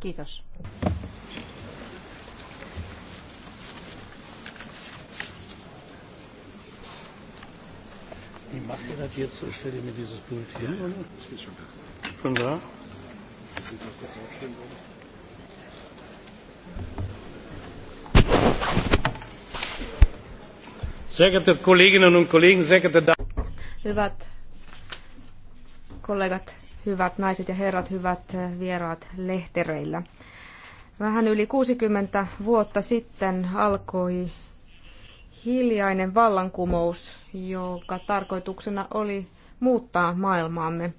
Kiitos. Wie macht ihr das jetzt? Stelle mir dieses Bild hier, oder? da? Sehr geehrte Kolleginnen und Kollegen, sehr geehrte Damen. Hyvät kollegat, hyvät naiset ja herrat, hyvät eh, vieraat lehtereillä. Vähän yli 60 vuotta sitten alkoi hiljainen vallankumous, joka tarkoituksena oli muuttaa maailmaamme.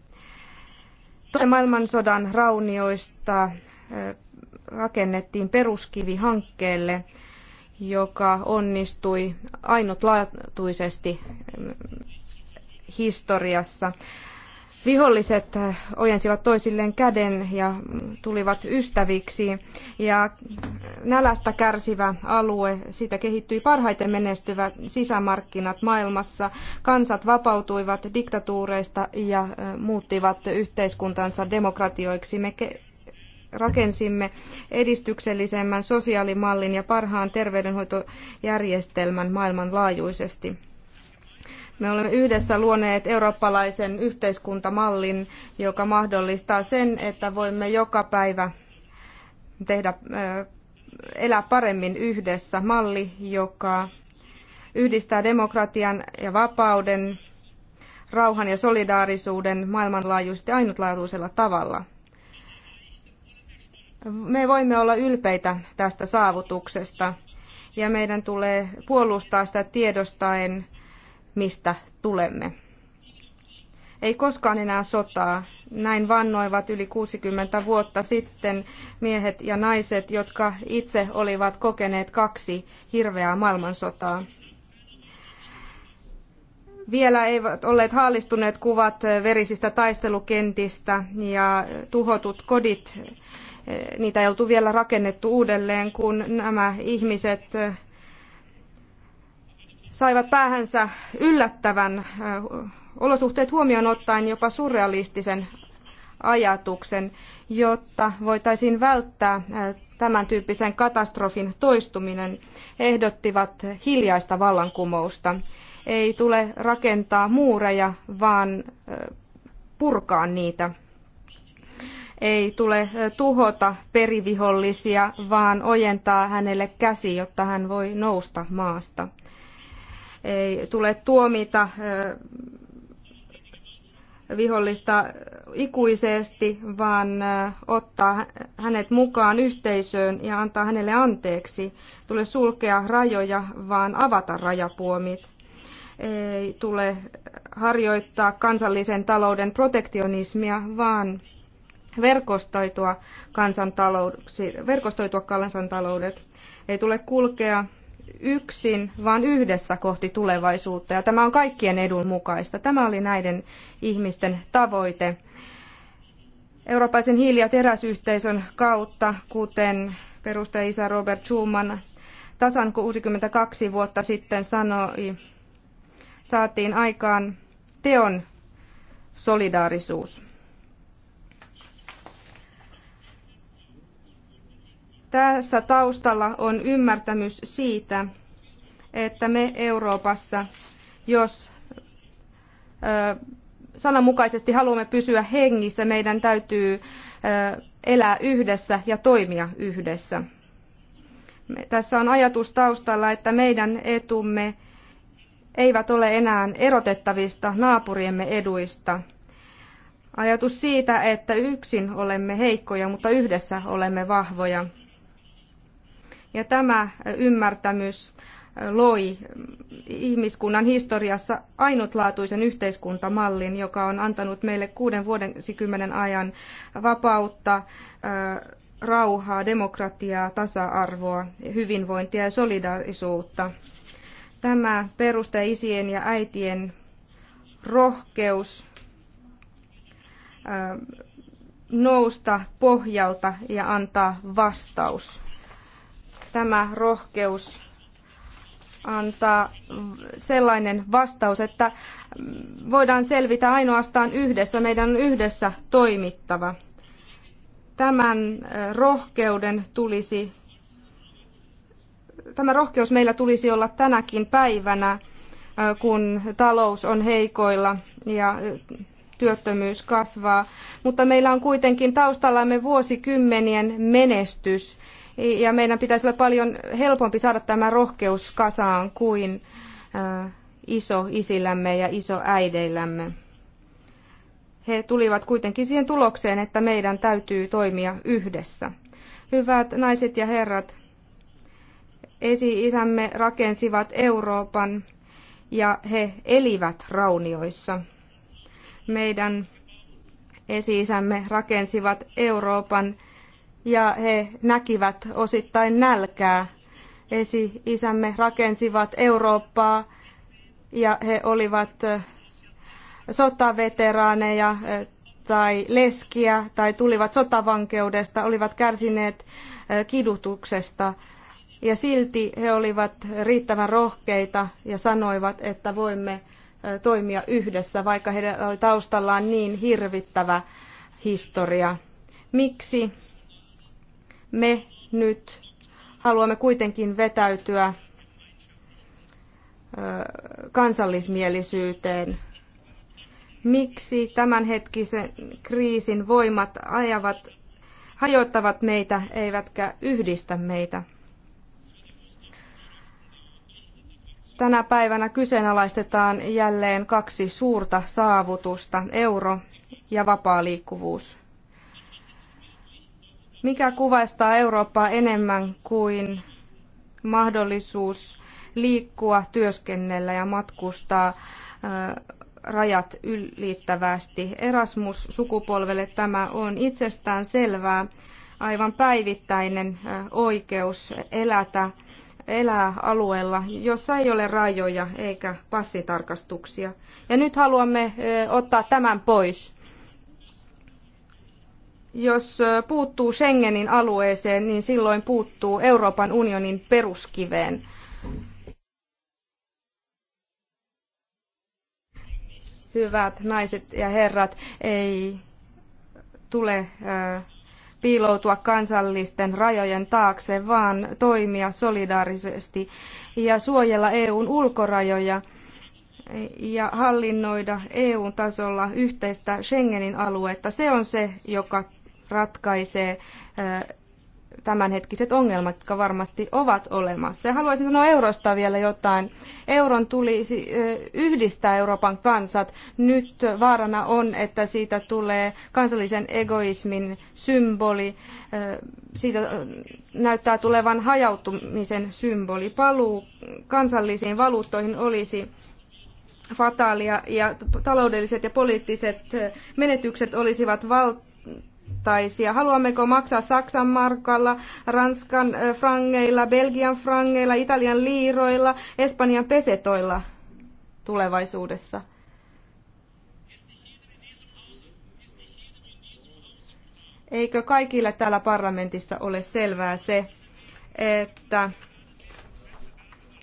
Toisen maailmansodan raunioista eh, rakennettiin peruskivi hankkeelle, joka onnistui ainutlaatuisesti mm, historiassa viholliset eh, ojensivat toisilleen käden ja tulivat ystäviksi. Ja nälästä kärsivä alue, siitä kehittyi parhaiten menestyvät sisämarkkinat maailmassa. Kansat vapautuivat diktatuureista ja eh, muuttivat yhteiskuntansa demokratioiksi. Me rakensimme edistyksellisemmän sosiaalimallin ja parhaan terveydenhoitojärjestelmän maailmanlaajuisesti. Me olemme yhdessä luoneet eurooppalaisen yhteiskuntamallin, joka mahdollistaa sen, että voimme joka päivä tehdä, elää paremmin yhdessä. Malli, joka yhdistää demokratian ja vapauden, rauhan ja solidaarisuuden maailmanlaajuisesti ainutlaatuisella tavalla. Me voimme olla ylpeitä tästä saavutuksesta ja meidän tulee puolustaa sitä tiedostaen, mistä tulemme. Ei koskaan enää sotaa. Näin vannoivat yli 60 vuotta sitten miehet ja naiset, jotka itse olivat kokeneet kaksi hirveää maailmansotaa. Vielä eivät olleet haalistuneet kuvat verisistä taistelukentistä ja tuhotut kodit. Niitä ei oltu vielä rakennettu uudelleen, kun nämä ihmiset saivat päähänsä yllättävän olosuhteet huomioon ottaen jopa surrealistisen ajatuksen, jotta voitaisiin välttää tämän tyyppisen katastrofin toistuminen, ehdottivat hiljaista vallankumousta. Ei tule rakentaa muureja, vaan purkaa niitä. Ei tule tuhota perivihollisia, vaan ojentaa hänelle käsi, jotta hän voi nousta maasta ei tule tuomita vihollista ikuisesti, vaan ottaa hänet mukaan yhteisöön ja antaa hänelle anteeksi. Tule sulkea rajoja, vaan avata rajapuomit. Ei tule harjoittaa kansallisen talouden protektionismia, vaan verkostoitua kansantaloudet. Verkostoitua kansantaloudet. Ei tule kulkea yksin, vaan yhdessä kohti tulevaisuutta. Ja tämä on kaikkien edun mukaista. Tämä oli näiden ihmisten tavoite. Eurooppaisen hiili- ja teräsyhteisön kautta, kuten perustajaisä Robert Schuman tasan 62 vuotta sitten sanoi, saatiin aikaan teon solidaarisuus. Tässä taustalla on ymmärtämys siitä, että me Euroopassa, jos sananmukaisesti haluamme pysyä hengissä, meidän täytyy elää yhdessä ja toimia yhdessä. Tässä on ajatus taustalla, että meidän etumme eivät ole enää erotettavista naapuriemme eduista. Ajatus siitä, että yksin olemme heikkoja, mutta yhdessä olemme vahvoja. Ja tämä ymmärtämys loi ihmiskunnan historiassa ainutlaatuisen yhteiskuntamallin, joka on antanut meille kuuden vuodensikymmenen ajan vapautta, rauhaa, demokratiaa, tasa-arvoa, hyvinvointia ja solidaarisuutta. Tämä peruste isien ja äitien rohkeus nousta pohjalta ja antaa vastaus tämä rohkeus antaa sellainen vastaus, että voidaan selvitä ainoastaan yhdessä, meidän on yhdessä toimittava. Tämän rohkeuden tulisi, tämä rohkeus meillä tulisi olla tänäkin päivänä, kun talous on heikoilla ja työttömyys kasvaa, mutta meillä on kuitenkin taustallamme vuosikymmenien menestys ja meidän pitäisi olla paljon helpompi saada tämä rohkeus kasaan kuin äh, iso isillämme ja iso äideillämme. He tulivat kuitenkin siihen tulokseen, että meidän täytyy toimia yhdessä. Hyvät naiset ja herrat, esi-isämme rakensivat Euroopan ja he elivät raunioissa. Meidän esi-isämme rakensivat Euroopan ja he näkivät osittain nälkää. Esi-isämme rakensivat Eurooppaa ja he olivat sotaveteraaneja tai leskiä tai tulivat sotavankeudesta, olivat kärsineet kidutuksesta ja silti he olivat riittävän rohkeita ja sanoivat, että voimme toimia yhdessä, vaikka heidän oli taustallaan niin hirvittävä historia. Miksi me nyt haluamme kuitenkin vetäytyä kansallismielisyyteen. Miksi tämänhetkisen kriisin voimat ajavat, hajoittavat meitä eivätkä yhdistä meitä? Tänä päivänä kyseenalaistetaan jälleen kaksi suurta saavutusta, euro ja vapaa liikkuvuus. Mikä kuvastaa Eurooppaa enemmän kuin mahdollisuus liikkua, työskennellä ja matkustaa rajat ylittävästi. Erasmus sukupolvelle tämä on itsestään selvää, aivan päivittäinen oikeus elätä, elää alueella, jossa ei ole rajoja eikä passitarkastuksia. Ja nyt haluamme ottaa tämän pois jos puuttuu Schengenin alueeseen, niin silloin puuttuu Euroopan unionin peruskiveen. Hyvät naiset ja herrat, ei tule piiloutua kansallisten rajojen taakse, vaan toimia solidaarisesti ja suojella EUn ulkorajoja ja hallinnoida EUn tasolla yhteistä Schengenin aluetta. Se on se, joka ratkaisee tämänhetkiset ongelmat, jotka varmasti ovat olemassa. Ja haluaisin sanoa eurosta vielä jotain. Euron tulisi yhdistää Euroopan kansat. Nyt vaarana on, että siitä tulee kansallisen egoismin symboli. Siitä näyttää tulevan hajautumisen symboli. Paluu kansallisiin valuuttoihin olisi fataalia ja taloudelliset ja poliittiset menetykset olisivat valtavia vertaisia. Haluammeko maksaa Saksan markalla, Ranskan frangeilla, Belgian frangeilla, Italian liiroilla, Espanjan pesetoilla tulevaisuudessa? Eikö kaikille täällä parlamentissa ole selvää se, että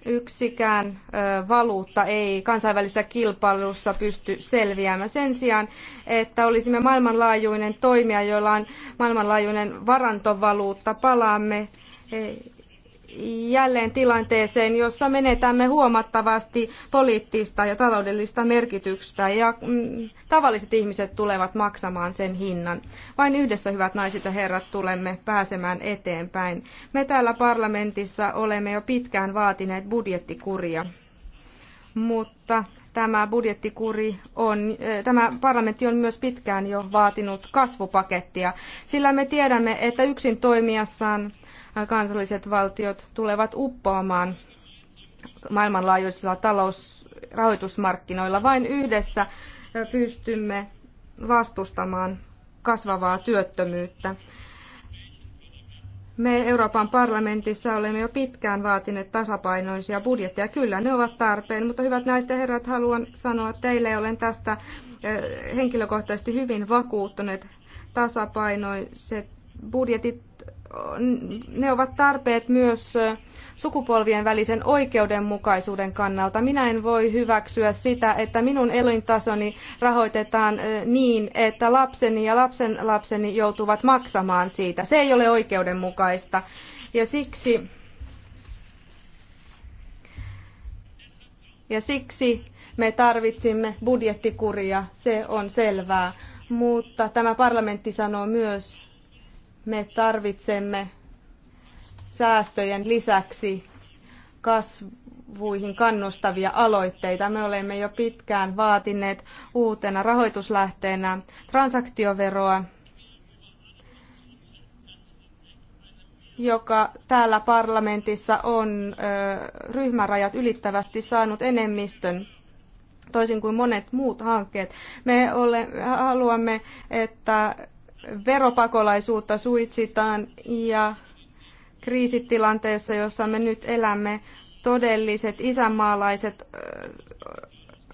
yksikään valuutta ei kansainvälisessä kilpailussa pysty selviämään. Sen sijaan, että olisimme maailmanlaajuinen toimija, jolla on maailmanlaajuinen varantovaluutta, palaamme jälleen tilanteeseen, jossa menetämme huomattavasti poliittista ja taloudellista merkitystä ja mm, tavalliset ihmiset tulevat maksamaan sen hinnan. Vain yhdessä, hyvät naiset ja herrat, tulemme pääsemään eteenpäin. Me täällä parlamentissa olemme jo pitkään vaatineet budjettikuria, mutta tämä budjettikuri on, eh, tämä parlamentti on myös pitkään jo vaatinut kasvupakettia, sillä me tiedämme, että yksin toimijassaan kansalliset valtiot tulevat uppoamaan maailmanlaajuisilla talousrahoitusmarkkinoilla. Vain yhdessä pystymme vastustamaan kasvavaa työttömyyttä. Me Euroopan parlamentissa olemme jo pitkään vaatineet tasapainoisia budjetteja. Kyllä, ne ovat tarpeen, mutta hyvät naiset ja herrat, haluan sanoa teille, olen tästä eh, henkilökohtaisesti hyvin vakuuttunut. Tasapainoiset budjetit ne ovat tarpeet myös sukupolvien välisen oikeudenmukaisuuden kannalta. Minä en voi hyväksyä sitä, että minun elintasoni rahoitetaan niin, että lapseni ja lapsenlapseni joutuvat maksamaan siitä. Se ei ole oikeudenmukaista. Ja siksi, ja siksi me tarvitsimme budjettikuria, se on selvää. Mutta tämä parlamentti sanoo myös, me tarvitsemme säästöjen lisäksi kasvuihin kannustavia aloitteita. Me olemme jo pitkään vaatineet uutena rahoituslähteenä transaktioveroa, joka täällä parlamentissa on ryhmärajat ylittävästi saanut enemmistön toisin kuin monet muut hankkeet. Me ole, haluamme, että veropakolaisuutta suitsitaan ja kriisitilanteessa, jossa me nyt elämme, todelliset isänmaalaiset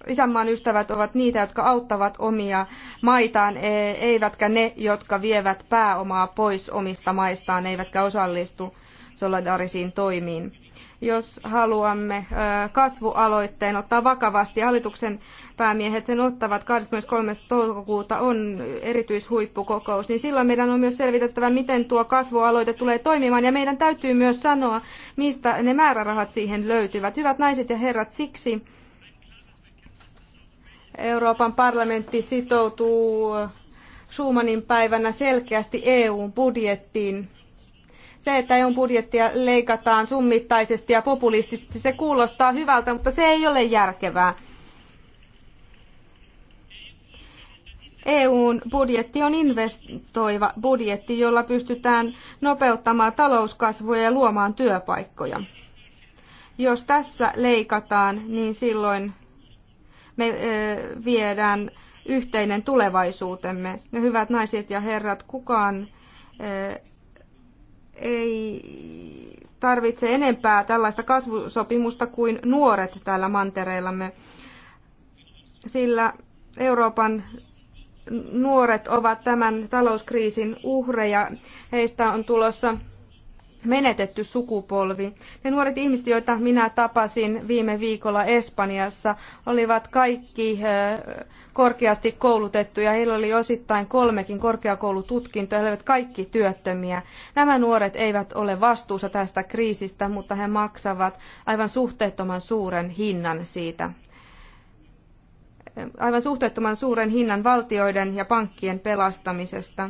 isänmaan ystävät ovat niitä, jotka auttavat omia maitaan, e, eivätkä ne, jotka vievät pääomaa pois omista maistaan, eivätkä osallistu solidaarisiin toimiin jos haluamme kasvualoitteen ottaa vakavasti. Hallituksen päämiehet sen ottavat 23. toukokuuta on erityishuippukokous, niin silloin meidän on myös selvitettävä, miten tuo kasvualoite tulee toimimaan ja meidän täytyy myös sanoa, mistä ne määrärahat siihen löytyvät. Hyvät naiset ja herrat, siksi Euroopan parlamentti sitoutuu Schumanin päivänä selkeästi EU-budjettiin se, että EUn budjettia leikataan summittaisesti ja populistisesti, se kuulostaa hyvältä, mutta se ei ole järkevää. EUn budjetti on investoiva budjetti, jolla pystytään nopeuttamaan talouskasvua ja luomaan työpaikkoja. Jos tässä leikataan, niin silloin me e, viedään yhteinen tulevaisuutemme. Ja hyvät naiset ja herrat, kukaan e, ei tarvitse enempää tällaista kasvusopimusta kuin nuoret täällä mantereillamme, sillä Euroopan nuoret ovat tämän talouskriisin uhreja. Heistä on tulossa menetetty sukupolvi. Ne nuoret ihmiset, joita minä tapasin viime viikolla Espanjassa, olivat kaikki eh, korkeasti koulutettuja. Heillä oli osittain kolmekin korkeakoulututkintoa. He olivat kaikki työttömiä. Nämä nuoret eivät ole vastuussa tästä kriisistä, mutta he maksavat aivan suhteettoman suuren hinnan siitä aivan suhteettoman suuren hinnan valtioiden ja pankkien pelastamisesta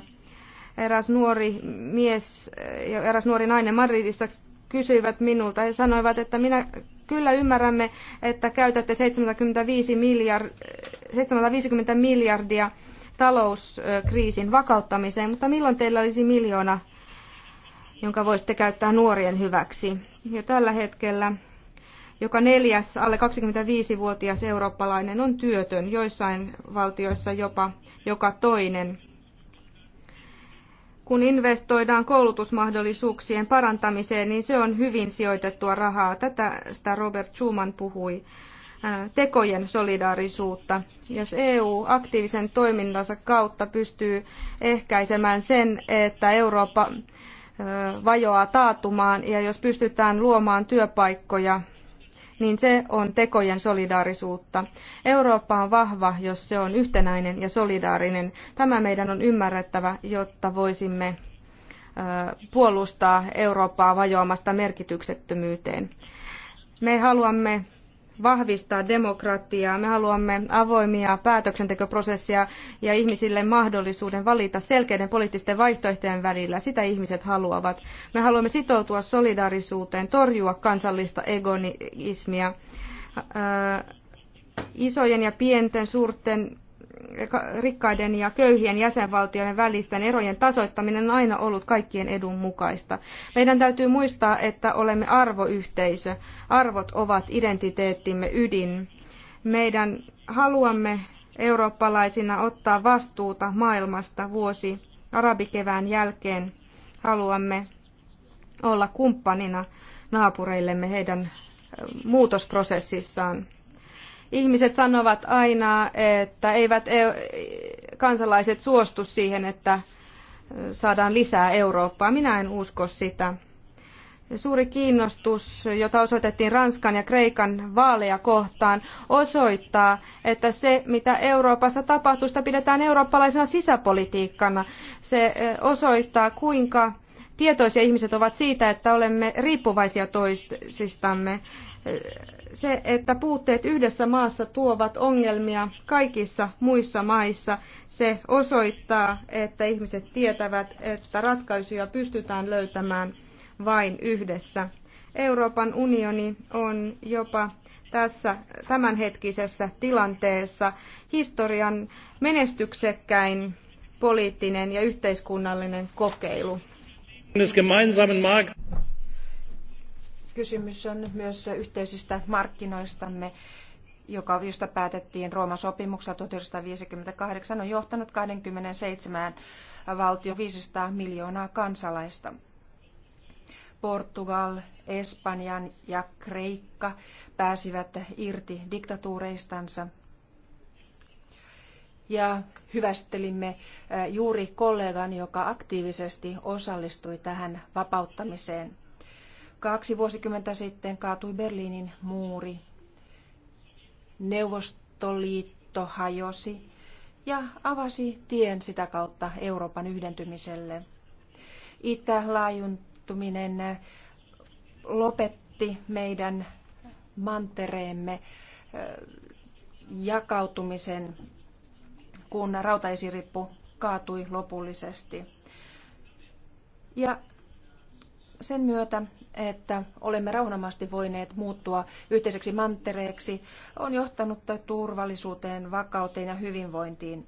eräs nuori mies eh, ja eräs nuori nainen Madridissa kysyivät minulta. ja sanoivat, että minä kyllä ymmärrämme, että käytätte 75 miljard, 750 miljardia talouskriisin vakauttamiseen, mutta milloin teillä olisi miljoona, jonka voisitte käyttää nuorien hyväksi? Ja tällä hetkellä joka neljäs alle 25-vuotias eurooppalainen on työtön, joissain valtioissa jopa joka toinen kun investoidaan koulutusmahdollisuuksien parantamiseen, niin se on hyvin sijoitettua rahaa. Tätä sitä Robert Schuman puhui äh, tekojen solidaarisuutta. Jos EU aktiivisen toimintansa kautta pystyy ehkäisemään sen, että Eurooppa äh, vajoaa taatumaan ja jos pystytään luomaan työpaikkoja niin se on tekojen solidaarisuutta. Eurooppa on vahva, jos se on yhtenäinen ja solidaarinen. Tämä meidän on ymmärrettävä, jotta voisimme puolustaa Eurooppaa vajoamasta merkityksettömyyteen. Me haluamme vahvistaa demokratiaa. Me haluamme avoimia päätöksentekoprosesseja ja ihmisille mahdollisuuden valita selkeiden poliittisten vaihtoehtojen välillä. Sitä ihmiset haluavat. Me haluamme sitoutua solidaarisuuteen, torjua kansallista egoismia. Isojen ja pienten, suurten rikkaiden ja köyhien jäsenvaltioiden välisten erojen tasoittaminen on aina ollut kaikkien edun mukaista. Meidän täytyy muistaa, että olemme arvoyhteisö. Arvot ovat identiteettimme ydin. Meidän haluamme eurooppalaisina ottaa vastuuta maailmasta vuosi arabikevään jälkeen. Haluamme olla kumppanina naapureillemme heidän eh, muutosprosessissaan. Ihmiset sanovat aina, että eivät e- kansalaiset suostu siihen, että saadaan lisää Eurooppaa. Minä en usko sitä. Suuri kiinnostus, jota osoitettiin Ranskan ja Kreikan vaaleja kohtaan, osoittaa, että se, mitä Euroopassa tapahtuu, sitä pidetään eurooppalaisena sisäpolitiikkana. Se osoittaa, kuinka tietoisia ihmiset ovat siitä, että olemme riippuvaisia toisistamme se, että puutteet yhdessä maassa tuovat ongelmia kaikissa muissa maissa, se osoittaa, että ihmiset tietävät, että ratkaisuja pystytään löytämään vain yhdessä. Euroopan unioni on jopa tässä tämänhetkisessä tilanteessa historian menestyksekkäin poliittinen ja yhteiskunnallinen kokeilu kysymys on myös yhteisistä markkinoistamme, joka josta päätettiin Rooman sopimuksella 1958, on johtanut 27 valtio 500 miljoonaa kansalaista. Portugal, Espanjan ja Kreikka pääsivät irti diktatuureistansa. Ja hyvästelimme eh, juuri kollegan, joka aktiivisesti osallistui tähän vapauttamiseen. Kaksi vuosikymmentä sitten kaatui Berliinin muuri. Neuvostoliitto hajosi ja avasi tien sitä kautta Euroopan yhdentymiselle. Itälaajuntuminen lopetti meidän mantereemme jakautumisen, kun rautaisirippu kaatui lopullisesti. Ja sen myötä että olemme rauhanomaisesti voineet muuttua yhteiseksi mantereeksi, on johtanut turvallisuuteen, vakauteen ja hyvinvointiin.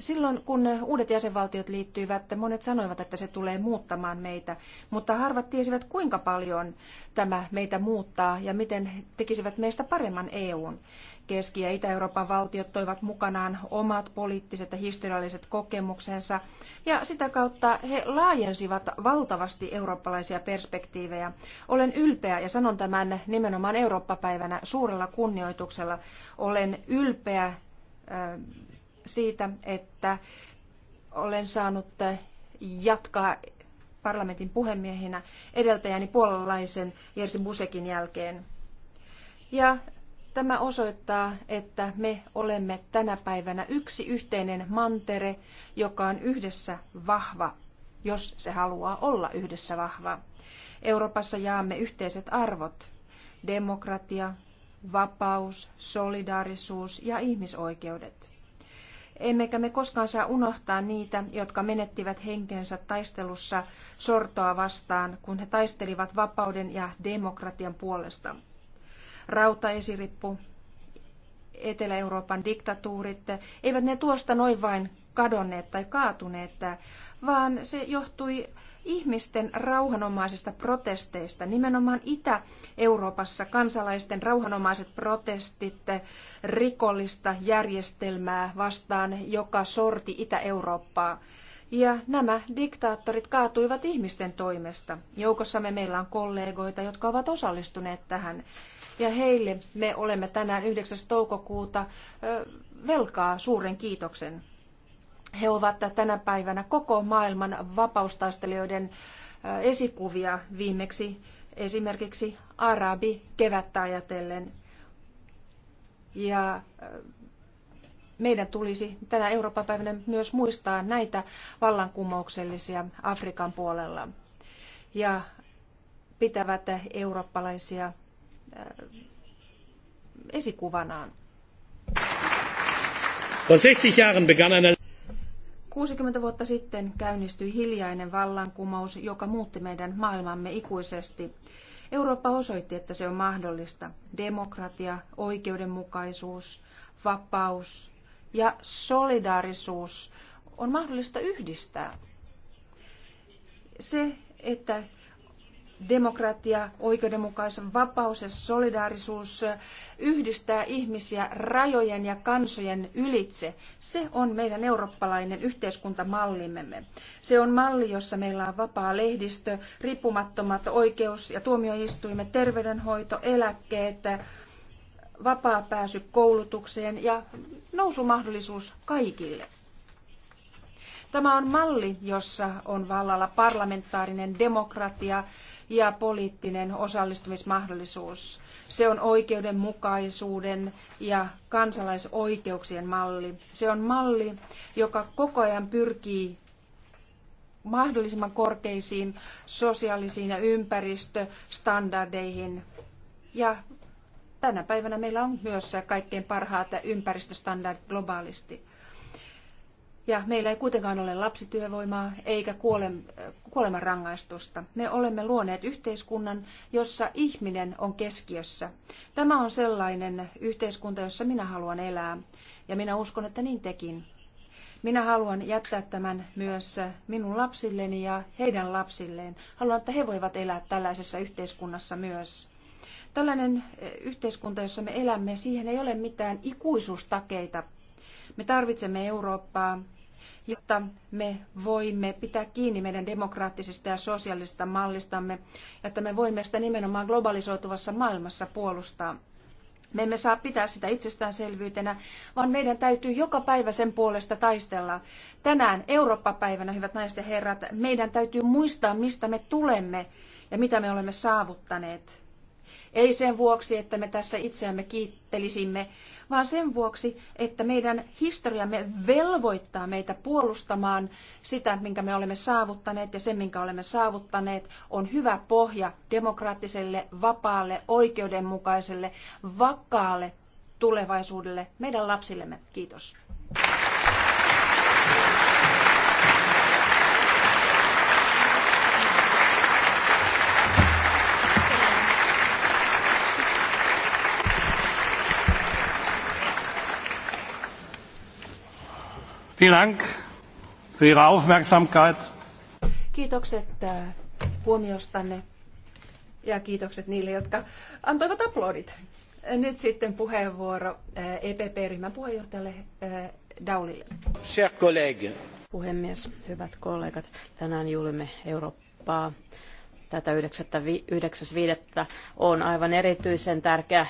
Silloin kun uudet jäsenvaltiot liittyivät, monet sanoivat, että se tulee muuttamaan meitä, mutta harvat tiesivät, kuinka paljon tämä meitä muuttaa ja miten tekisivät meistä paremman EUn. Keski- ja Itä-Euroopan valtiot toivat mukanaan omat poliittiset ja historialliset kokemuksensa, ja sitä kautta he laajensivat valtavasti eurooppalaisia perspektiivejä. Olen ylpeä, ja sanon tämän nimenomaan Eurooppa-päivänä suurella kunnioituksella, olen ylpeä siitä, että olen saanut jatkaa parlamentin puhemiehenä edeltäjäni puolalaisen Jerzy Busekin jälkeen. Ja tämä osoittaa, että me olemme tänä päivänä yksi yhteinen mantere, joka on yhdessä vahva, jos se haluaa olla yhdessä vahva. Euroopassa jaamme yhteiset arvot, demokratia, vapaus, solidaarisuus ja ihmisoikeudet. Emmekä me koskaan saa unohtaa niitä, jotka menettivät henkensä taistelussa sortoa vastaan, kun he taistelivat vapauden ja demokratian puolesta. Rautaesirippu, Etelä-Euroopan diktatuurit, eivät ne tuosta noin vain kadonneet tai kaatuneet, vaan se johtui ihmisten rauhanomaisista protesteista. Nimenomaan Itä-Euroopassa kansalaisten rauhanomaiset protestit rikollista järjestelmää vastaan, joka sorti Itä-Eurooppaa. Ja nämä diktaattorit kaatuivat ihmisten toimesta. Joukossamme meillä on kollegoita, jotka ovat osallistuneet tähän. Ja heille me olemme tänään 9. toukokuuta velkaa suuren kiitoksen. He ovat tänä päivänä koko maailman vapaustaistelijoiden esikuvia viimeksi esimerkiksi arabi kevättä ajatellen. Ja meidän tulisi tänä Euroopan päivänä myös muistaa näitä vallankumouksellisia Afrikan puolella ja pitävät eurooppalaisia esikuvanaan. Vor 60 Jahren begann eine 60 vuotta sitten käynnistyi hiljainen vallankumous, joka muutti meidän maailmamme ikuisesti. Eurooppa osoitti, että se on mahdollista. Demokratia, oikeudenmukaisuus, vapaus ja solidaarisuus on mahdollista yhdistää. Se, että demokratia, oikeudenmukaisen vapaus ja solidaarisuus yhdistää ihmisiä rajojen ja kansojen ylitse. Se on meidän eurooppalainen yhteiskuntamallimme. Se on malli, jossa meillä on vapaa lehdistö, riippumattomat oikeus- ja tuomioistuimet, terveydenhoito, eläkkeet, vapaa pääsy koulutukseen ja nousumahdollisuus kaikille. Tämä on malli, jossa on vallalla parlamentaarinen demokratia ja poliittinen osallistumismahdollisuus. Se on oikeudenmukaisuuden ja kansalaisoikeuksien malli. Se on malli, joka koko ajan pyrkii mahdollisimman korkeisiin sosiaalisiin ja ympäristöstandardeihin. Ja tänä päivänä meillä on myös kaikkein parhaat ympäristöstandardit globaalisti. Ja meillä ei kuitenkaan ole lapsityövoimaa eikä kuolemanrangaistusta. Me olemme luoneet yhteiskunnan, jossa ihminen on keskiössä. Tämä on sellainen yhteiskunta, jossa minä haluan elää. Ja minä uskon, että niin tekin. Minä haluan jättää tämän myös minun lapsilleni ja heidän lapsilleen. Haluan, että he voivat elää tällaisessa yhteiskunnassa myös. Tällainen eh, yhteiskunta, jossa me elämme, siihen ei ole mitään ikuisuustakeita. Me tarvitsemme Eurooppaa, jotta me voimme pitää kiinni meidän demokraattisesta ja sosiaalisesta mallistamme, jotta me voimme sitä nimenomaan globalisoituvassa maailmassa puolustaa. Me emme saa pitää sitä itsestäänselvyytenä, vaan meidän täytyy joka päivä sen puolesta taistella. Tänään Eurooppa-päivänä, hyvät naiset ja herrat, meidän täytyy muistaa, mistä me tulemme ja mitä me olemme saavuttaneet. Ei sen vuoksi, että me tässä itseämme kiittelisimme, vaan sen vuoksi, että meidän historiamme velvoittaa meitä puolustamaan sitä, minkä me olemme saavuttaneet ja se, minkä olemme saavuttaneet, on hyvä pohja demokraattiselle, vapaalle, oikeudenmukaiselle, vakaalle tulevaisuudelle meidän lapsillemme. Kiitos. Kiitokset äh, huomiostanne ja kiitokset niille, jotka antoivat aplodit. Äh, nyt sitten puheenvuoro äh, EPP-ryhmän puheenjohtajalle Daulille. Puhemies, hyvät kollegat, tänään julimme Eurooppaa tätä 9.5. on aivan erityisen tärkeä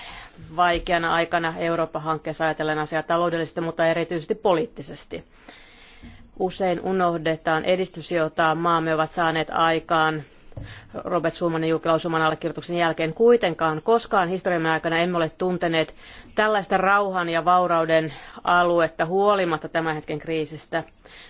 vaikeana aikana Euroopan hankkeessa ajatellen asiaa taloudellisesti, mutta erityisesti poliittisesti. Usein unohdetaan edistys, jota maamme ovat saaneet aikaan Robert Schumannin julkilausuman allekirjoituksen jälkeen. Kuitenkaan koskaan historian aikana emme ole tunteneet tällaista rauhan ja vaurauden aluetta huolimatta tämän hetken kriisistä.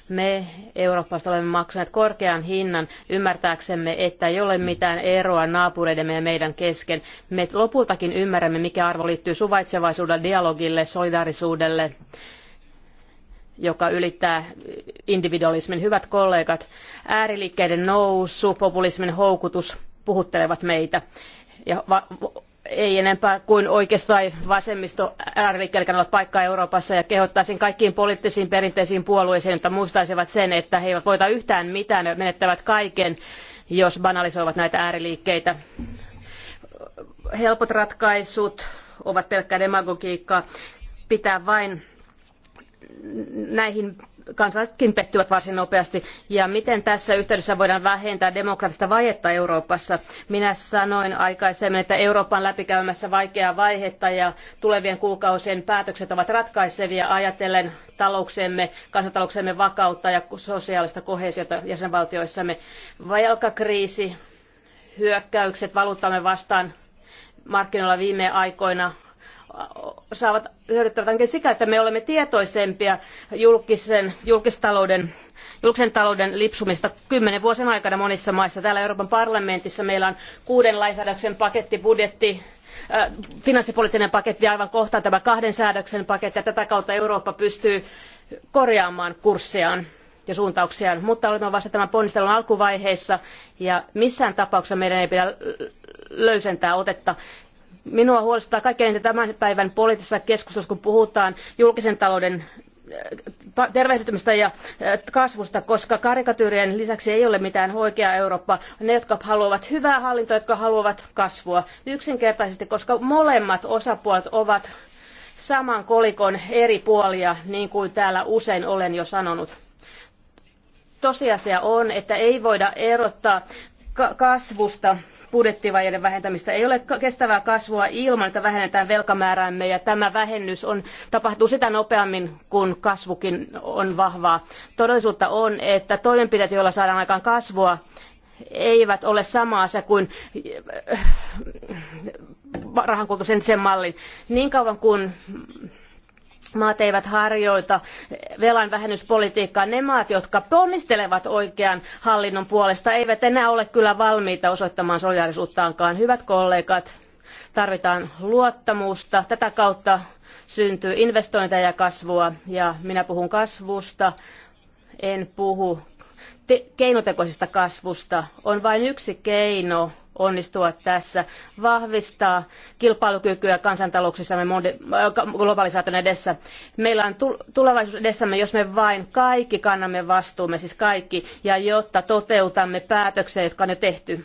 Me Euroopasta olemme maksaneet korkean hinnan ymmärtääksemme, että ei ole mitään eroa naapureidemme ja meidän kesken. Me lopultakin ymmärrämme, mikä arvo liittyy suvaitsevaisuudelle, dialogille, solidaarisuudelle joka ylittää individualismin. Hyvät kollegat, ääriliikkeiden nousu, populismin houkutus puhuttelevat meitä. Ja ei enempää kuin oikeisto tai vasemmisto ääriliikkeellä ovat paikkaa Euroopassa ja kehottaisin kaikkiin poliittisiin perinteisiin puolueisiin, jotta muistaisivat sen, että he eivät voita yhtään mitään ja menettävät kaiken, jos banalisoivat näitä ääriliikkeitä. Helpot ratkaisut ovat pelkkää demagogiikkaa. Pitää vain näihin kansalaisetkin pettyvät varsin nopeasti. Ja miten tässä yhteydessä voidaan vähentää demokraattista vajetta Euroopassa? Minä sanoin aikaisemmin, että Euroopan läpikäymässä vaikeaa vaihetta ja tulevien kuukausien päätökset ovat ratkaisevia ajatellen talouksemme, kansantalouksemme vakautta ja sosiaalista kohesiota jäsenvaltioissamme. Velkakriisi, hyökkäykset valuuttamme vastaan markkinoilla viime aikoina saavat hyödyttävät ainakin sitä, että me olemme tietoisempia julkisen, julkistalouden, julkisen talouden lipsumista kymmenen vuosien aikana monissa maissa. Täällä Euroopan parlamentissa meillä on kuuden lainsäädöksen paketti, budjetti, finanssipoliittinen paketti ja aivan kohta tämä kahden säädöksen paketti ja tätä kautta Eurooppa pystyy korjaamaan kurssiaan ja suuntauksiaan, mutta olemme vasta tämän ponnistelun alkuvaiheessa ja missään tapauksessa meidän ei pidä löysentää otetta Minua huolestuttaa kaikkein tämän päivän poliittisessa keskustelussa, kun puhutaan julkisen talouden äh, tervehdytymistä ja äh, kasvusta, koska karikatyyrien lisäksi ei ole mitään oikeaa Eurooppaa. Ne, jotka haluavat hyvää hallintoa, jotka haluavat kasvua. Yksinkertaisesti, koska molemmat osapuolet ovat saman kolikon eri puolia, niin kuin täällä usein olen jo sanonut. Tosiasia on, että ei voida erottaa kasvusta budjettivajeiden vähentämistä. Ei ole kestävää kasvua ilman, että vähennetään velkamääräämme ja tämä vähennys on, tapahtuu sitä nopeammin, kun kasvukin on vahvaa. Todellisuutta on, että toimenpiteet, joilla saadaan aikaan kasvua, eivät ole sama asia kuin äh, rahankulutus entisen mallin. Niin kauan kuin maat eivät harjoita velan vähennyspolitiikkaa. Ne maat, jotka ponnistelevat oikean hallinnon puolesta, eivät enää ole kyllä valmiita osoittamaan solidaarisuuttaankaan. Hyvät kollegat, tarvitaan luottamusta. Tätä kautta syntyy investointeja ja kasvua. Ja minä puhun kasvusta, en puhu keinotekoisesta kasvusta. On vain yksi keino onnistua tässä, vahvistaa kilpailukykyä kansantalouksissamme äh, globalisaation edessä. Meillä on tulevaisuus edessämme, jos me vain kaikki kannamme vastuumme, siis kaikki, ja jotta toteutamme päätöksiä, jotka on jo tehty.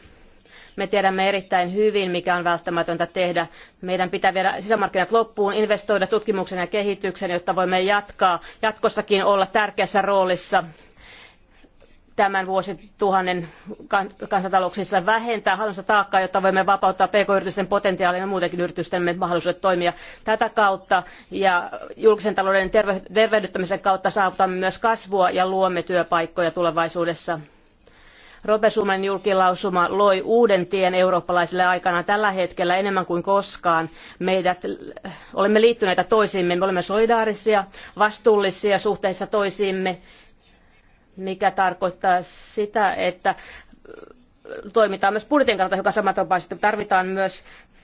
Me tiedämme erittäin hyvin, mikä on välttämätöntä tehdä. Meidän pitää viedä sisämarkkinat loppuun, investoida tutkimukseen ja kehitykseen, jotta voimme jatkaa jatkossakin olla tärkeässä roolissa tämän vuosituhannen kansantalouksissa vähentää hallinnollista taakkaa, jotta voimme vapauttaa pk-yritysten potentiaalin ja muutenkin yritystemme mahdollisuudet toimia tätä kautta. Ja julkisen talouden tervehdyttämisen kautta saavutamme myös kasvua ja luomme työpaikkoja tulevaisuudessa. Robert Schumanin julkilausuma loi uuden tien eurooppalaisille aikana tällä hetkellä enemmän kuin koskaan. Meidät, olemme liittyneitä toisiimme, me olemme solidaarisia, vastuullisia suhteessa toisiimme mikä tarkoittaa sitä, että toimitaan myös budjetin kannalta hiukan samantapaisesti. Tarvitaan myös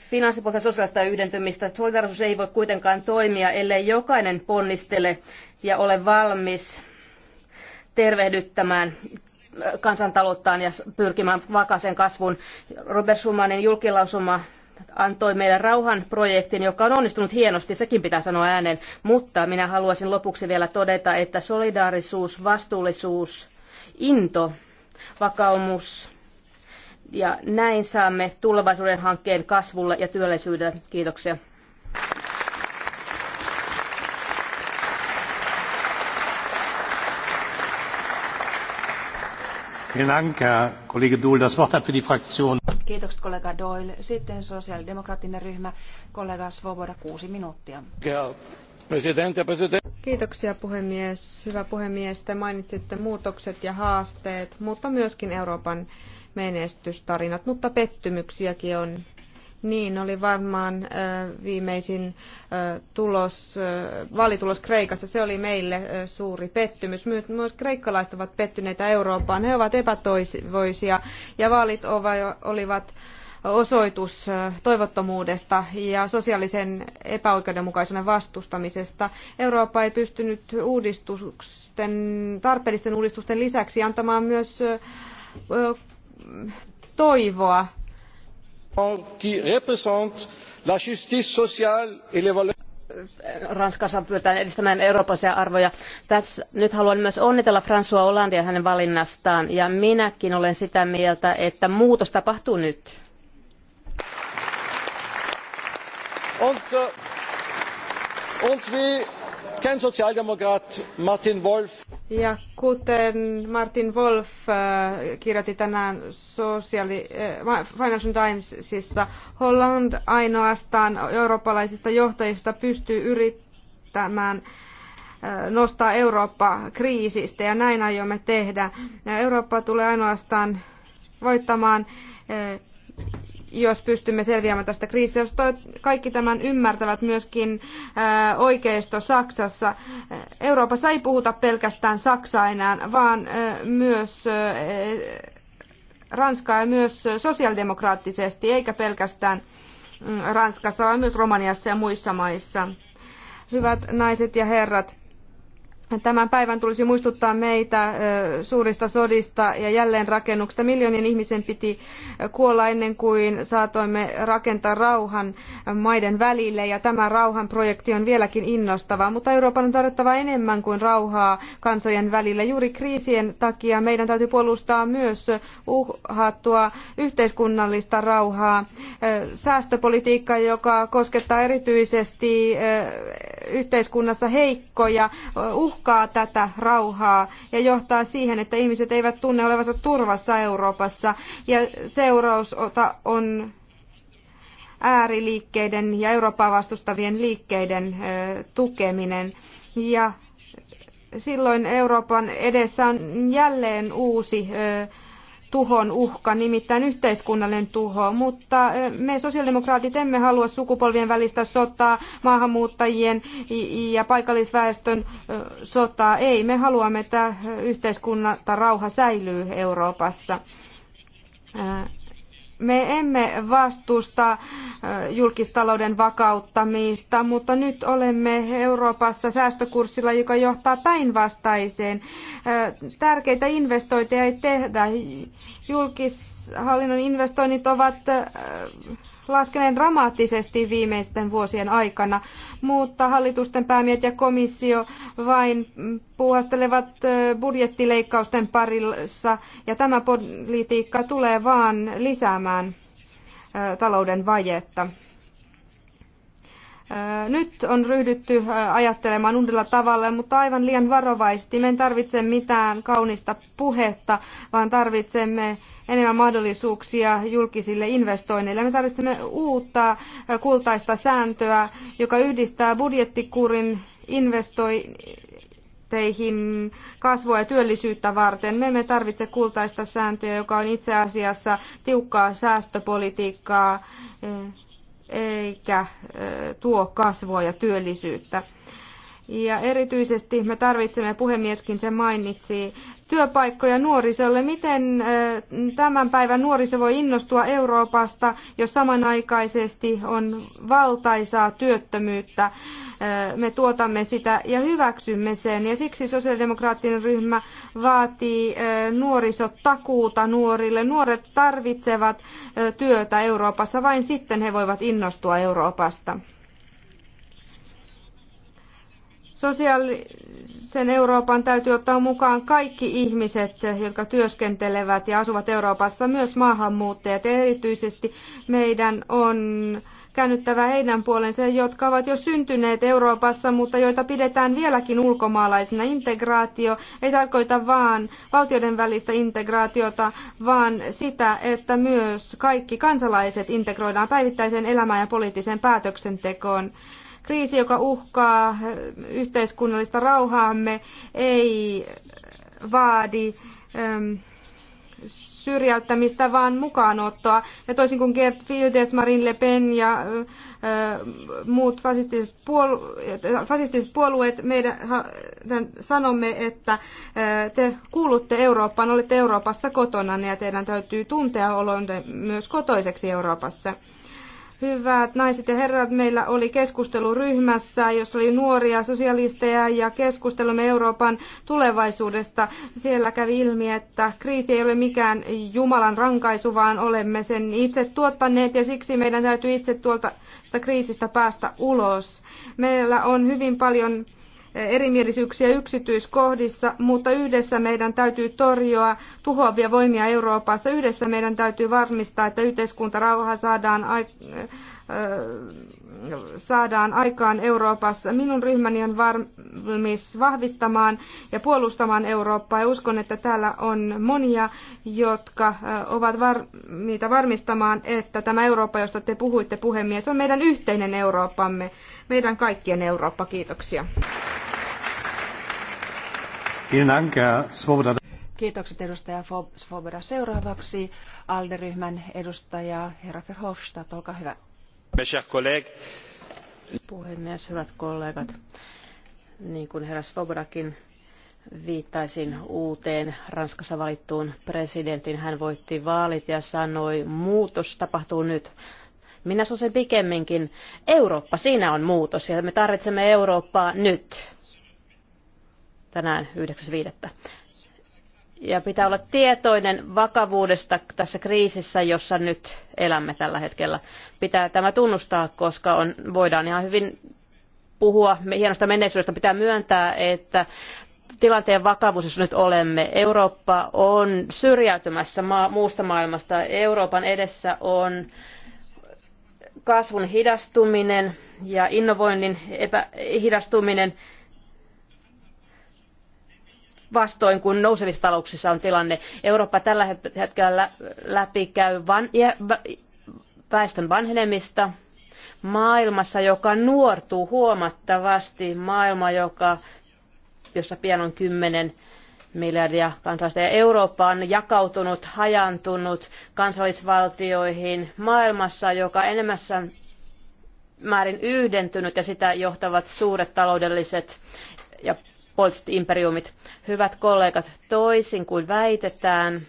finanssipuolta sosiaalista yhdentymistä. Solidarisuus ei voi kuitenkaan toimia, ellei jokainen ponnistele ja ole valmis tervehdyttämään kansantalouttaan ja pyrkimään vakaaseen kasvuun. Robert Schumanin julkilausuma antoi meille rauhan projektin, joka on onnistunut hienosti, sekin pitää sanoa ääneen, mutta minä haluaisin lopuksi vielä todeta, että solidaarisuus, vastuullisuus, into, vakaumus ja näin saamme tulevaisuuden hankkeen kasvulle ja työllisyydelle. Kiitoksia. Vielen Dank, Herr Kollege Daul. Das Wort hat für die Fraktion. Kiitokset kollega Doyle. Sitten sosiaalidemokraattinen ryhmä, kollega Svoboda, kuusi minuuttia. Kiitoksia puhemies. Hyvä puhemies, te mainitsitte muutokset ja haasteet, mutta myöskin Euroopan menestystarinat, mutta pettymyksiäkin on niin, oli varmaan viimeisin tulos, valitulos Kreikasta. Se oli meille suuri pettymys. Myös kreikkalaiset ovat pettyneitä Eurooppaan. He ovat epätoivoisia ja vaalit olivat osoitus toivottomuudesta ja sosiaalisen epäoikeudenmukaisuuden vastustamisesta. Eurooppa ei pystynyt uudistusten, tarpeellisten uudistusten lisäksi antamaan myös toivoa qui représente la justice sociale et les valeurs Ranskassa pyritään edistämään eurooppalaisia arvoja. Tässä, nyt haluan myös onnitella François Hollandea hänen valinnastaan ja minäkin olen sitä mieltä, että muutos tapahtuu nyt. Und, und wie kein Sozialdemokrat Martin Wolf. Ja kuten Martin Wolf äh, kirjoitti tänään sosiaali, äh, Financial Timesissa, Holland ainoastaan eurooppalaisista johtajista pystyy yrittämään äh, nostaa Eurooppa kriisistä ja näin aiomme tehdä. Eurooppa tulee ainoastaan voittamaan jos pystymme selviämään tästä kriisistä. Jos toi, kaikki tämän ymmärtävät myöskin ää, oikeisto Saksassa. Euroopassa ei puhuta pelkästään Saksaa enää, vaan ää, myös ää, Ranskaa ja myös sosiaalidemokraattisesti, eikä pelkästään Ranskassa, vaan myös Romaniassa ja muissa maissa. Hyvät naiset ja herrat, Tämän päivän tulisi muistuttaa meitä suurista sodista ja jälleenrakennuksesta. Miljoonien ihmisen piti kuolla ennen kuin saatoimme rakentaa rauhan maiden välille ja tämä projekti on vieläkin innostava. Mutta Euroopan on tarjottava enemmän kuin rauhaa kansojen välillä. Juuri kriisien takia meidän täytyy puolustaa myös uhattua yhteiskunnallista rauhaa. Säästöpolitiikka, joka koskettaa erityisesti yhteiskunnassa heikkoja, uh uhkaa tätä rauhaa ja johtaa siihen, että ihmiset eivät tunne olevansa turvassa Euroopassa. Ja seuraus on ääriliikkeiden ja Eurooppaa vastustavien liikkeiden tukeminen. Ja silloin Euroopan edessä on jälleen uusi ö, tuhon uhka, nimittäin yhteiskunnallinen tuho, mutta me sosiaalidemokraatit emme halua sukupolvien välistä sotaa, maahanmuuttajien ja paikallisväestön sotaa. Ei, me haluamme, että yhteiskunta rauha säilyy Euroopassa. Me emme vastusta julkistalouden vakauttamista, mutta nyt olemme Euroopassa säästökurssilla, joka johtaa päinvastaiseen. Tärkeitä investointeja ei tehdä. Julkishallinnon investoinnit ovat laskeneen dramaattisesti viimeisten vuosien aikana, mutta hallitusten päämiehet ja komissio vain puuhastelevat budjettileikkausten parissa ja tämä politiikka tulee vaan lisäämään talouden vajetta. Nyt on ryhdytty ajattelemaan uudella tavalla, mutta aivan liian varovaisesti. Me ei tarvitse mitään kaunista puhetta, vaan tarvitsemme enemmän mahdollisuuksia julkisille investoinneille. Me tarvitsemme uutta kultaista sääntöä, joka yhdistää budjettikurin investointeihin kasvua ja työllisyyttä varten. Me emme tarvitse kultaista sääntöä, joka on itse asiassa tiukkaa säästöpolitiikkaa eikä tuo kasvua ja työllisyyttä. Ja erityisesti me tarvitsemme, puhemieskin sen mainitsi, työpaikkoja nuorisolle. Miten tämän päivän nuoriso voi innostua Euroopasta, jos samanaikaisesti on valtaisaa työttömyyttä? Me tuotamme sitä ja hyväksymme sen. Ja siksi sosiaalidemokraattinen ryhmä vaatii nuorisotakuuta nuorille. Nuoret tarvitsevat työtä Euroopassa, vain sitten he voivat innostua Euroopasta. Sosiaalisen Euroopan täytyy ottaa mukaan kaikki ihmiset, jotka työskentelevät ja asuvat Euroopassa, myös maahanmuuttajat. Erityisesti meidän on käännyttävä heidän puolensa, jotka ovat jo syntyneet Euroopassa, mutta joita pidetään vieläkin ulkomaalaisina. Integraatio ei tarkoita vain valtioiden välistä integraatiota, vaan sitä, että myös kaikki kansalaiset integroidaan päivittäiseen elämään ja poliittiseen päätöksentekoon. Kriisi, joka uhkaa yhteiskunnallista rauhaamme, ei vaadi ähm, syrjäyttämistä, vaan mukaanottoa. Ja toisin kuin Gert Wilders, Marine Le Pen ja äh, muut fasistiset, puolu- fasistiset puolueet, meidän sanomme, että äh, te kuulutte Eurooppaan, olette Euroopassa kotona ja teidän täytyy tuntea olonne myös kotoiseksi Euroopassa. Hyvät naiset ja herrat, meillä oli keskustelu ryhmässä, jossa oli nuoria sosialisteja ja keskustelimme Euroopan tulevaisuudesta. Siellä kävi ilmi, että kriisi ei ole mikään Jumalan rankaisu, vaan olemme sen itse tuottaneet ja siksi meidän täytyy itse tuolta sitä kriisistä päästä ulos. Meillä on hyvin paljon erimielisyyksiä yksityiskohdissa, mutta yhdessä meidän täytyy torjua tuhoavia voimia Euroopassa. Yhdessä meidän täytyy varmistaa, että yhteiskuntarauha saadaan aikaan saadaan aikaan Euroopassa. Minun ryhmäni on valmis vahvistamaan ja puolustamaan Eurooppaa ja uskon, että täällä on monia, jotka ovat niitä varmistamaan, että tämä Eurooppa, josta te puhuitte puhemies, on meidän yhteinen Eurooppamme, meidän kaikkien Eurooppa. Kiitoksia. Kiitokset edustaja Svoboda. Seuraavaksi ALDE-ryhmän edustaja herra Verhofstadt, olkaa hyvä. Puhemies, hyvät kollegat. Niin kuin herra swobodakin viittaisin uuteen Ranskassa valittuun presidenttiin Hän voitti vaalit ja sanoi, muutos tapahtuu nyt. Minä sanoisin pikemminkin, Eurooppa, siinä on muutos ja me tarvitsemme Eurooppaa nyt. Tänään viidettä ja pitää olla tietoinen vakavuudesta tässä kriisissä, jossa nyt elämme tällä hetkellä. Pitää tämä tunnustaa, koska on, voidaan ihan hyvin puhua hienosta menneisyydestä. Pitää myöntää, että tilanteen vakavuus, jos nyt olemme. Eurooppa on syrjäytymässä maa, muusta maailmasta. Euroopan edessä on kasvun hidastuminen ja innovoinnin epä, hidastuminen – vastoin kuin nousevissa talouksissa on tilanne. Eurooppa tällä hetkellä läpikäy van, väestön vanhenemista maailmassa, joka nuortuu huomattavasti, maailma, joka, jossa pian on kymmenen miljardia kansalaista. Ja Eurooppa on jakautunut, hajantunut kansallisvaltioihin maailmassa, joka enemmässä määrin yhdentynyt ja sitä johtavat suuret taloudelliset ja poliittiset imperiumit. Hyvät kollegat, toisin kuin väitetään,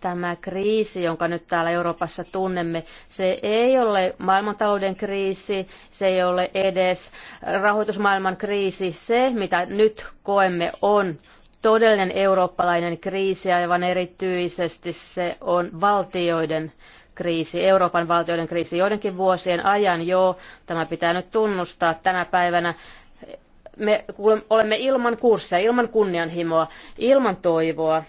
tämä kriisi, jonka nyt täällä Euroopassa tunnemme, se ei ole maailmantalouden kriisi, se ei ole edes rahoitusmaailman kriisi. Se, mitä nyt koemme, on todellinen eurooppalainen kriisi, aivan erityisesti se on valtioiden kriisi, Euroopan valtioiden kriisi joidenkin vuosien ajan. jo tämä pitää nyt tunnustaa tänä päivänä me olemme ilman kurssia, ilman kunnianhimoa, ilman toivoa,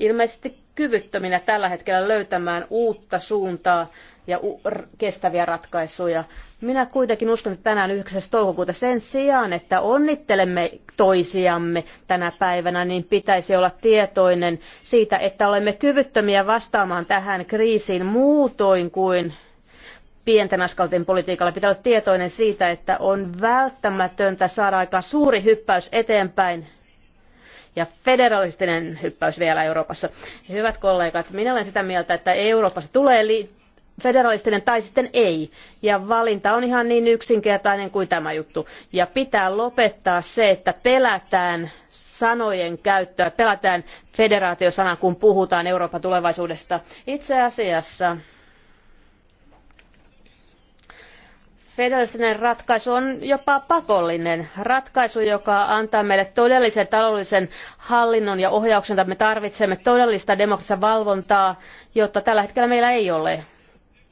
ilmeisesti kyvyttöminä tällä hetkellä löytämään uutta suuntaa ja kestäviä ratkaisuja. Minä kuitenkin uskon, että tänään 9. toukokuuta sen sijaan, että onnittelemme toisiamme tänä päivänä, niin pitäisi olla tietoinen siitä, että olemme kyvyttömiä vastaamaan tähän kriisiin muutoin kuin pienten askelten politiikalla. Pitää olla tietoinen siitä, että on välttämätöntä saada aikaan suuri hyppäys eteenpäin ja federalistinen hyppäys vielä Euroopassa. Hyvät kollegat, minä olen sitä mieltä, että Euroopassa tulee li- federalistinen tai sitten ei. Ja valinta on ihan niin yksinkertainen kuin tämä juttu. Ja pitää lopettaa se, että pelätään sanojen käyttöä, pelätään sanaa kun puhutaan Euroopan tulevaisuudesta. Itse asiassa Federalistinen ratkaisu on jopa pakollinen ratkaisu, joka antaa meille todellisen taloudellisen hallinnon ja ohjauksen, että me tarvitsemme todellista demokratista valvontaa, jotta tällä hetkellä meillä ei ole.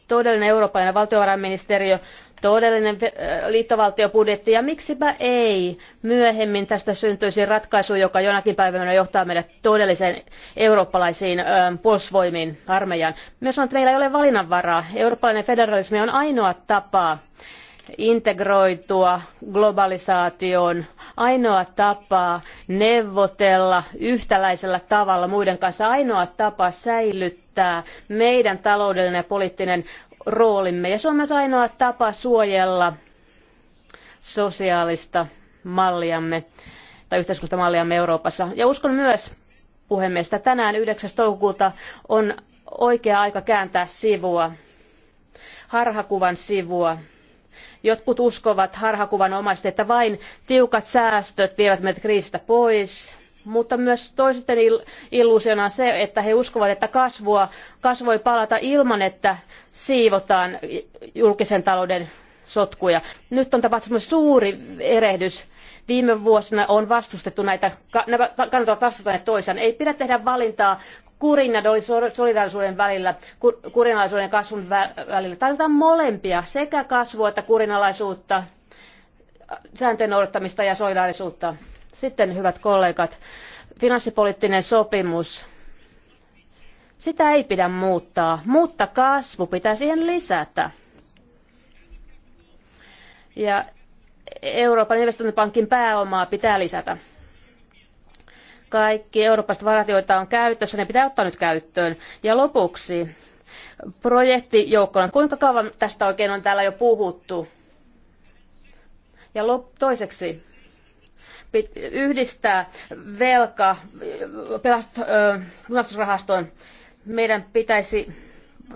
Todellinen eurooppalainen valtiovarainministeriö todellinen liittovaltiobudjetti ja miksipä ei. Myöhemmin tästä syntyisi ratkaisu, joka jonakin päivänä johtaa meidät todelliseen eurooppalaisiin puolustusvoimiin, armeijaan. Myös on, että meillä ei ole valinnanvaraa. Eurooppalainen federalismi on ainoa tapa integroitua globalisaatioon, ainoa tapa neuvotella yhtäläisellä tavalla muiden kanssa, ainoa tapa säilyttää meidän taloudellinen ja poliittinen roolimme. Ja se on myös ainoa tapa suojella sosiaalista malliamme tai yhteiskuntamalliamme Euroopassa. Ja uskon myös, puhemies, että tänään 9. toukokuuta on oikea aika kääntää sivua, harhakuvan sivua. Jotkut uskovat harhakuvan omaisesti, että vain tiukat säästöt vievät meidät kriisistä pois, mutta myös toisten illuusiona se, että he uskovat, että kasvua, kasvoi palata ilman, että siivotaan julkisen talouden sotkuja. Nyt on tapahtunut suuri erehdys. Viime vuosina on vastustettu näitä, nämä kannattavat vastustaneet toisiaan. Ei pidä tehdä valintaa kurin ja solidaarisuuden välillä, kurinalaisuuden ja kasvun välillä. Tarvitaan molempia, sekä kasvua että kurinalaisuutta, sääntöjen noudattamista ja solidaarisuutta. Sitten, hyvät kollegat, finanssipoliittinen sopimus. Sitä ei pidä muuttaa, mutta kasvu pitää siihen lisätä. Ja Euroopan investointipankin pääomaa pitää lisätä. Kaikki eurooppalaiset varat, joita on käytössä, ne pitää ottaa nyt käyttöön. Ja lopuksi projektijoukkona, kuinka kauan tästä oikein on täällä jo puhuttu? Ja lop- toiseksi, yhdistää velka pelastusrahastoon. Meidän pitäisi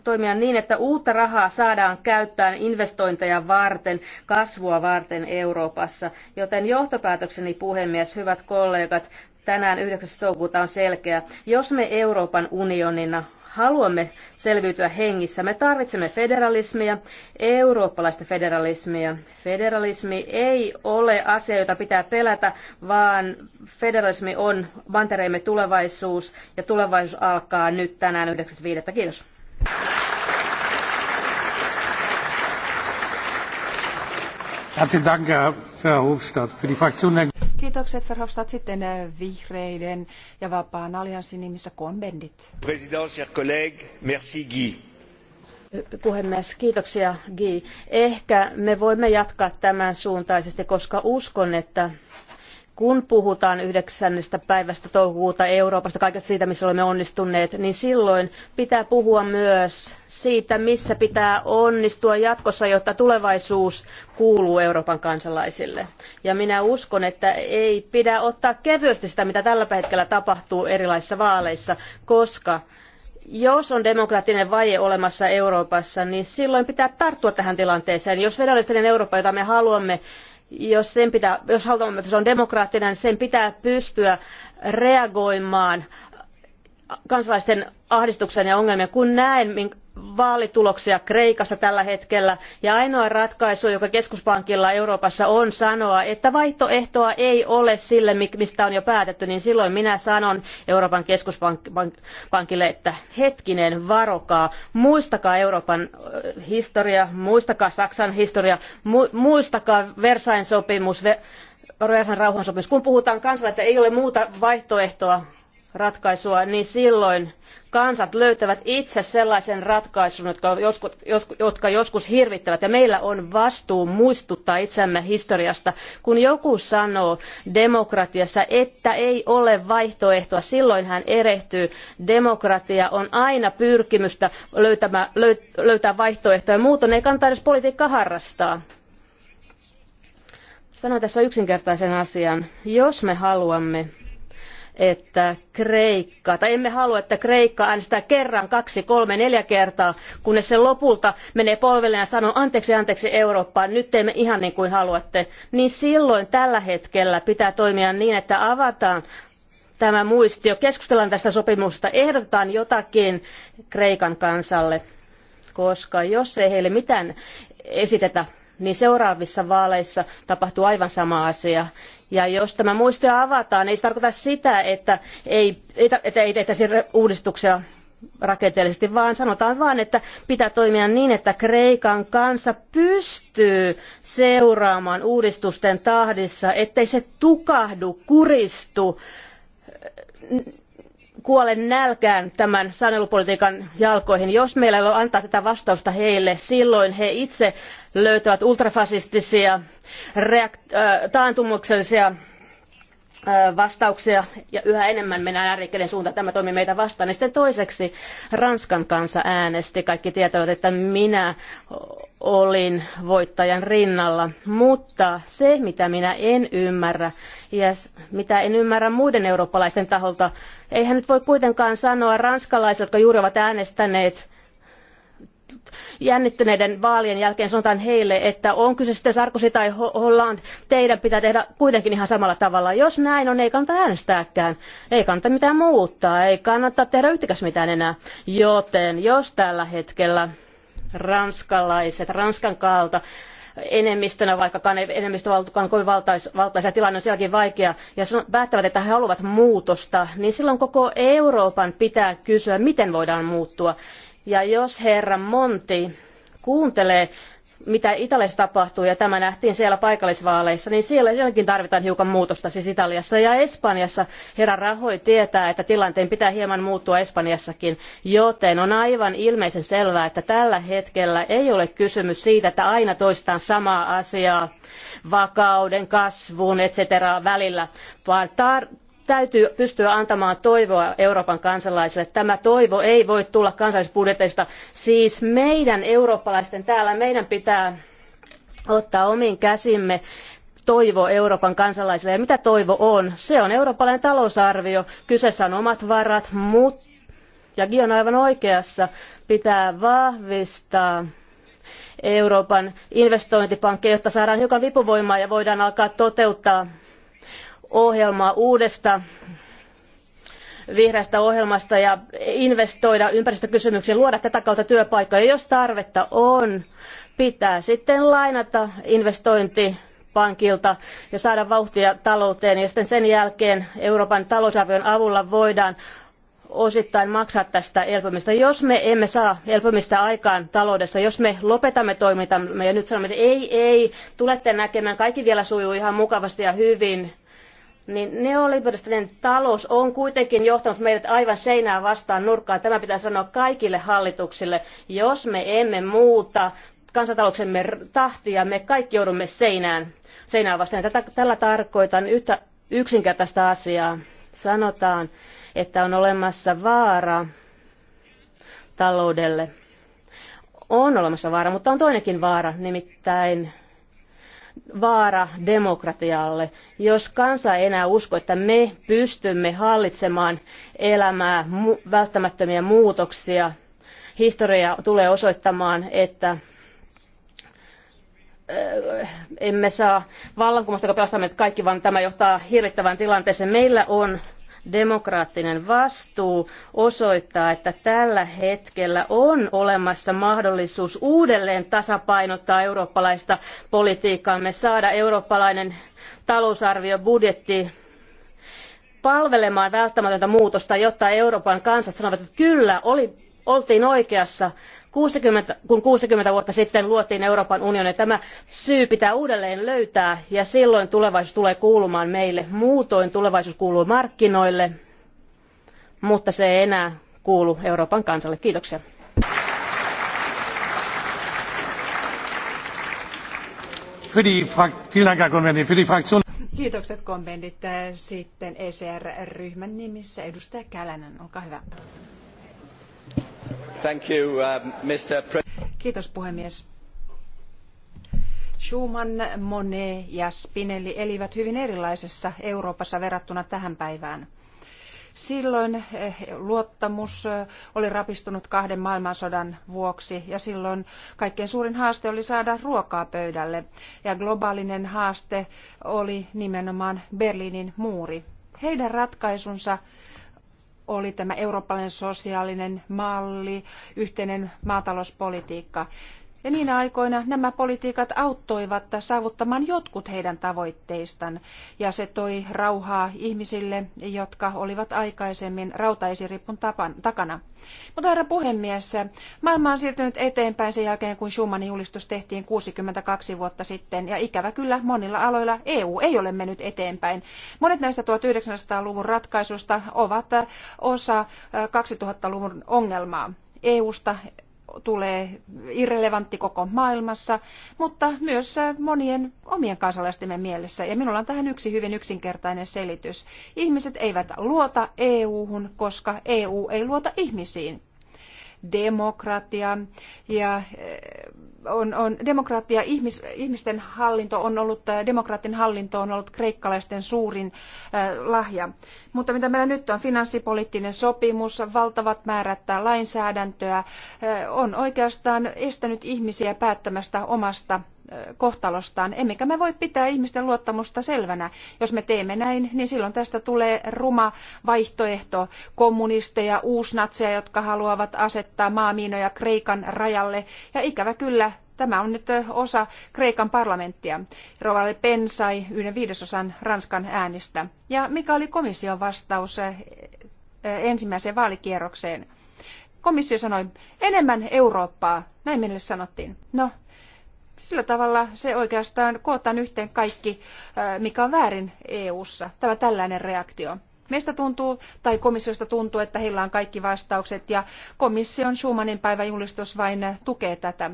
toimia niin, että uutta rahaa saadaan käyttää investointeja varten, kasvua varten Euroopassa. Joten johtopäätökseni puhemies, hyvät kollegat, tänään 9. toukokuuta on selkeä. Jos me Euroopan unionina haluamme selviytyä hengissä, me tarvitsemme federalismia, eurooppalaista federalismia. Federalismi ei ole asia, jota pitää pelätä, vaan federalismi on mantereemme tulevaisuus ja tulevaisuus alkaa nyt tänään 9.5. Kiitos. Kiitokset Verhofstadt sitten äh, vihreiden ja vapaan allianssin nimissä konbendit. President, chers Puhemies, kiitoksia Guy. Ehkä me voimme jatkaa tämän suuntaisesti, koska uskon, että kun puhutaan yhdeksännestä päivästä toukokuuta Euroopasta, kaikesta siitä, missä olemme onnistuneet, niin silloin pitää puhua myös siitä, missä pitää onnistua jatkossa, jotta tulevaisuus kuuluu Euroopan kansalaisille. Ja minä uskon, että ei pidä ottaa kevyesti sitä, mitä tällä hetkellä tapahtuu erilaisissa vaaleissa, koska jos on demokraattinen vaje olemassa Euroopassa, niin silloin pitää tarttua tähän tilanteeseen. Jos federalistinen Eurooppa, jota me haluamme, jos, haluamme, että se on demokraattinen, niin sen pitää pystyä reagoimaan kansalaisten ahdistukseen ja ongelmiin Kun näen, vaalituloksia Kreikassa tällä hetkellä. Ja ainoa ratkaisu, joka keskuspankilla Euroopassa on sanoa, että vaihtoehtoa ei ole sille, mistä on jo päätetty, niin silloin minä sanon Euroopan keskuspankille, että hetkinen, varokaa. Muistakaa Euroopan äh, historia, muistakaa Saksan historia, muistakaa Versailles sopimus, Versailles rauhansopimus. Kun puhutaan kansalle, että ei ole muuta vaihtoehtoa ratkaisua, niin silloin kansat löytävät itse sellaisen ratkaisun, jotka joskus, jotka joskus hirvittävät. Ja meillä on vastuu muistuttaa itseämme historiasta. Kun joku sanoo demokratiassa, että ei ole vaihtoehtoa, silloin hän erehtyy. Demokratia on aina pyrkimystä löytämä, löytää vaihtoehtoja. Muuten ei kannata edes politiikkaa harrastaa. Sanon tässä yksinkertaisen asian. Jos me haluamme että Kreikka, tai emme halua, että Kreikka äänestää kerran, kaksi, kolme, neljä kertaa, kunnes se lopulta menee polvelle ja sanoo, anteeksi, anteeksi Eurooppaan, nyt teemme ihan niin kuin haluatte. Niin silloin tällä hetkellä pitää toimia niin, että avataan tämä muistio, keskustellaan tästä sopimuksesta, ehdotetaan jotakin Kreikan kansalle, koska jos ei heille mitään esitetä, niin seuraavissa vaaleissa tapahtuu aivan sama asia. Ja jos tämä muistio avataan, ei se tarkoita sitä, että ei, että ei tehtäisi uudistuksia rakenteellisesti, vaan sanotaan vaan, että pitää toimia niin, että Kreikan kansa pystyy seuraamaan uudistusten tahdissa, ettei se tukahdu, kuristu, kuole nälkään tämän sanelupolitiikan jalkoihin. Jos meillä ei ole antaa tätä vastausta heille, silloin he itse löytävät ultrafasistisia, taantumuksellisia vastauksia ja yhä enemmän mennään ääriliikkeiden suuntaan. Tämä toimii meitä vastaan. Ja sitten toiseksi Ranskan kansa äänesti. Kaikki tietävät, että minä olin voittajan rinnalla. Mutta se, mitä minä en ymmärrä ja mitä en ymmärrä muiden eurooppalaisten taholta, eihän nyt voi kuitenkaan sanoa ranskalaisille, jotka juuri ovat äänestäneet jännittyneiden vaalien jälkeen sanotaan heille, että on kyse sitten Sarkozy tai Hollande, teidän pitää tehdä kuitenkin ihan samalla tavalla. Jos näin on, ei kannata äänestääkään, ei kannata mitään muuttaa, ei kannata tehdä yhtäkäs mitään enää. Joten jos tällä hetkellä ranskalaiset, Ranskan kaalta, enemmistönä, vaikkakaan enemmistövaltuukaan kovin valtais, valtaisa tilanne on sielläkin vaikea, ja päättävät, että he haluavat muutosta, niin silloin koko Euroopan pitää kysyä, miten voidaan muuttua. Ja jos herra Monti kuuntelee, mitä Italiassa tapahtuu, ja tämä nähtiin siellä paikallisvaaleissa, niin siellä sielläkin tarvitaan hiukan muutosta, siis Italiassa ja Espanjassa. Herra Rahoi tietää, että tilanteen pitää hieman muuttua Espanjassakin, joten on aivan ilmeisen selvää, että tällä hetkellä ei ole kysymys siitä, että aina toistetaan samaa asiaa vakauden, kasvun, etc. välillä, vaan tar- täytyy pystyä antamaan toivoa Euroopan kansalaisille. Tämä toivo ei voi tulla kansallisbudjeteista. Siis meidän eurooppalaisten täällä, meidän pitää ottaa omiin käsimme toivo Euroopan kansalaisille. Ja mitä toivo on? Se on eurooppalainen talousarvio. Kyseessä on omat varat, mutta, ja Gian aivan oikeassa, pitää vahvistaa Euroopan investointipankkia, jotta saadaan hiukan vipuvoimaa ja voidaan alkaa toteuttaa ohjelmaa uudesta vihreästä ohjelmasta ja investoida ympäristökysymyksiin, luoda tätä kautta työpaikkoja. Jos tarvetta on, pitää sitten lainata investointipankilta ja saada vauhtia talouteen. Ja sitten sen jälkeen Euroopan talousarvion avulla voidaan osittain maksaa tästä elpymistä. Jos me emme saa elpymistä aikaan taloudessa, jos me lopetamme toimintamme ja nyt sanomme, että ei, ei, tulette näkemään, kaikki vielä sujuu ihan mukavasti ja hyvin, niin neoliberalistinen talous on kuitenkin johtanut meidät aivan seinää vastaan nurkkaan. Tämä pitää sanoa kaikille hallituksille. Jos me emme muuta kansantalouksemme tahtia, me kaikki joudumme seinään, seinään vastaan. Tätä, tällä tarkoitan yhtä yksinkertaista asiaa. Sanotaan, että on olemassa vaara taloudelle. On olemassa vaara, mutta on toinenkin vaara, nimittäin vaara demokratialle. Jos kansa ei enää usko, että me pystymme hallitsemaan elämää, mu- välttämättömiä muutoksia, historia tulee osoittamaan, että äh, emme saa vallankumousta, joka pelastamme kaikki, vaan tämä johtaa hirvittävään tilanteeseen. Meillä on demokraattinen vastuu osoittaa, että tällä hetkellä on olemassa mahdollisuus uudelleen tasapainottaa eurooppalaista politiikkaamme, saada eurooppalainen talousarvio, budjetti palvelemaan välttämätöntä muutosta, jotta Euroopan kansat sanovat, että kyllä, oli, oltiin oikeassa, 60, kun 60 vuotta sitten luotiin Euroopan unioni. Tämä syy pitää uudelleen löytää ja silloin tulevaisuus tulee kuulumaan meille. Muutoin tulevaisuus kuuluu markkinoille, mutta se ei enää kuulu Euroopan kansalle. Kiitoksia. Kiitokset kommentit. Sitten ECR-ryhmän nimissä edustaja Kälänen, olkaa hyvä. Um, Kiitos puhemies. Schumann, Monet ja Spinelli elivät hyvin erilaisessa Euroopassa verrattuna tähän päivään. Silloin eh, luottamus eh, oli rapistunut kahden maailmansodan vuoksi ja silloin kaikkein suurin haaste oli saada ruokaa pöydälle. Ja globaalinen haaste oli nimenomaan Berliinin muuri. Heidän ratkaisunsa oli tämä eurooppalainen sosiaalinen malli, yhteinen maatalouspolitiikka. Ja niinä aikoina nämä politiikat auttoivat saavuttamaan jotkut heidän tavoitteistaan, ja se toi rauhaa ihmisille, jotka olivat aikaisemmin rautaisiripun tapan, takana. Mutta herra puhemies, maailma on siirtynyt eteenpäin sen jälkeen, kun Schumannin julistus tehtiin 62 vuotta sitten, ja ikävä kyllä monilla aloilla EU ei ole mennyt eteenpäin. Monet näistä 1900-luvun ratkaisuista ovat osa 2000-luvun ongelmaa. EUsta tulee irrelevantti koko maailmassa, mutta myös äh, monien omien kansalaistemme mielessä. Ja minulla on tähän yksi hyvin yksinkertainen selitys. Ihmiset eivät luota EU-hun, koska EU ei luota ihmisiin. Demokratia ja eh, on, on demokratia, ihmis, ihmisten hallinto on ollut, eh, demokraattin hallinto on ollut kreikkalaisten suurin äh, lahja. Mutta mitä meillä nyt on, finanssipoliittinen sopimus, valtavat määrät lainsäädäntöä, äh, on oikeastaan estänyt ihmisiä päättämästä omasta kohtalostaan, emmekä me voi pitää ihmisten luottamusta selvänä. Jos me teemme näin, niin silloin tästä tulee ruma vaihtoehto kommunisteja, uusnatseja, jotka haluavat asettaa maamiinoja Kreikan rajalle. Ja ikävä kyllä, tämä on nyt osa Kreikan parlamenttia. Rovalle Pen sai yhden viidesosan Ranskan äänistä. Ja mikä oli komission vastaus ensimmäiseen vaalikierrokseen? Komissio sanoi, enemmän Eurooppaa, näin meille sanottiin. No, sillä tavalla se oikeastaan kootaan yhteen kaikki, mikä on väärin EU-ssa. Tämä tällainen reaktio. Meistä tuntuu, tai komissiosta tuntuu, että heillä on kaikki vastaukset, ja komission Schumannin päivän julistus vain tukee tätä.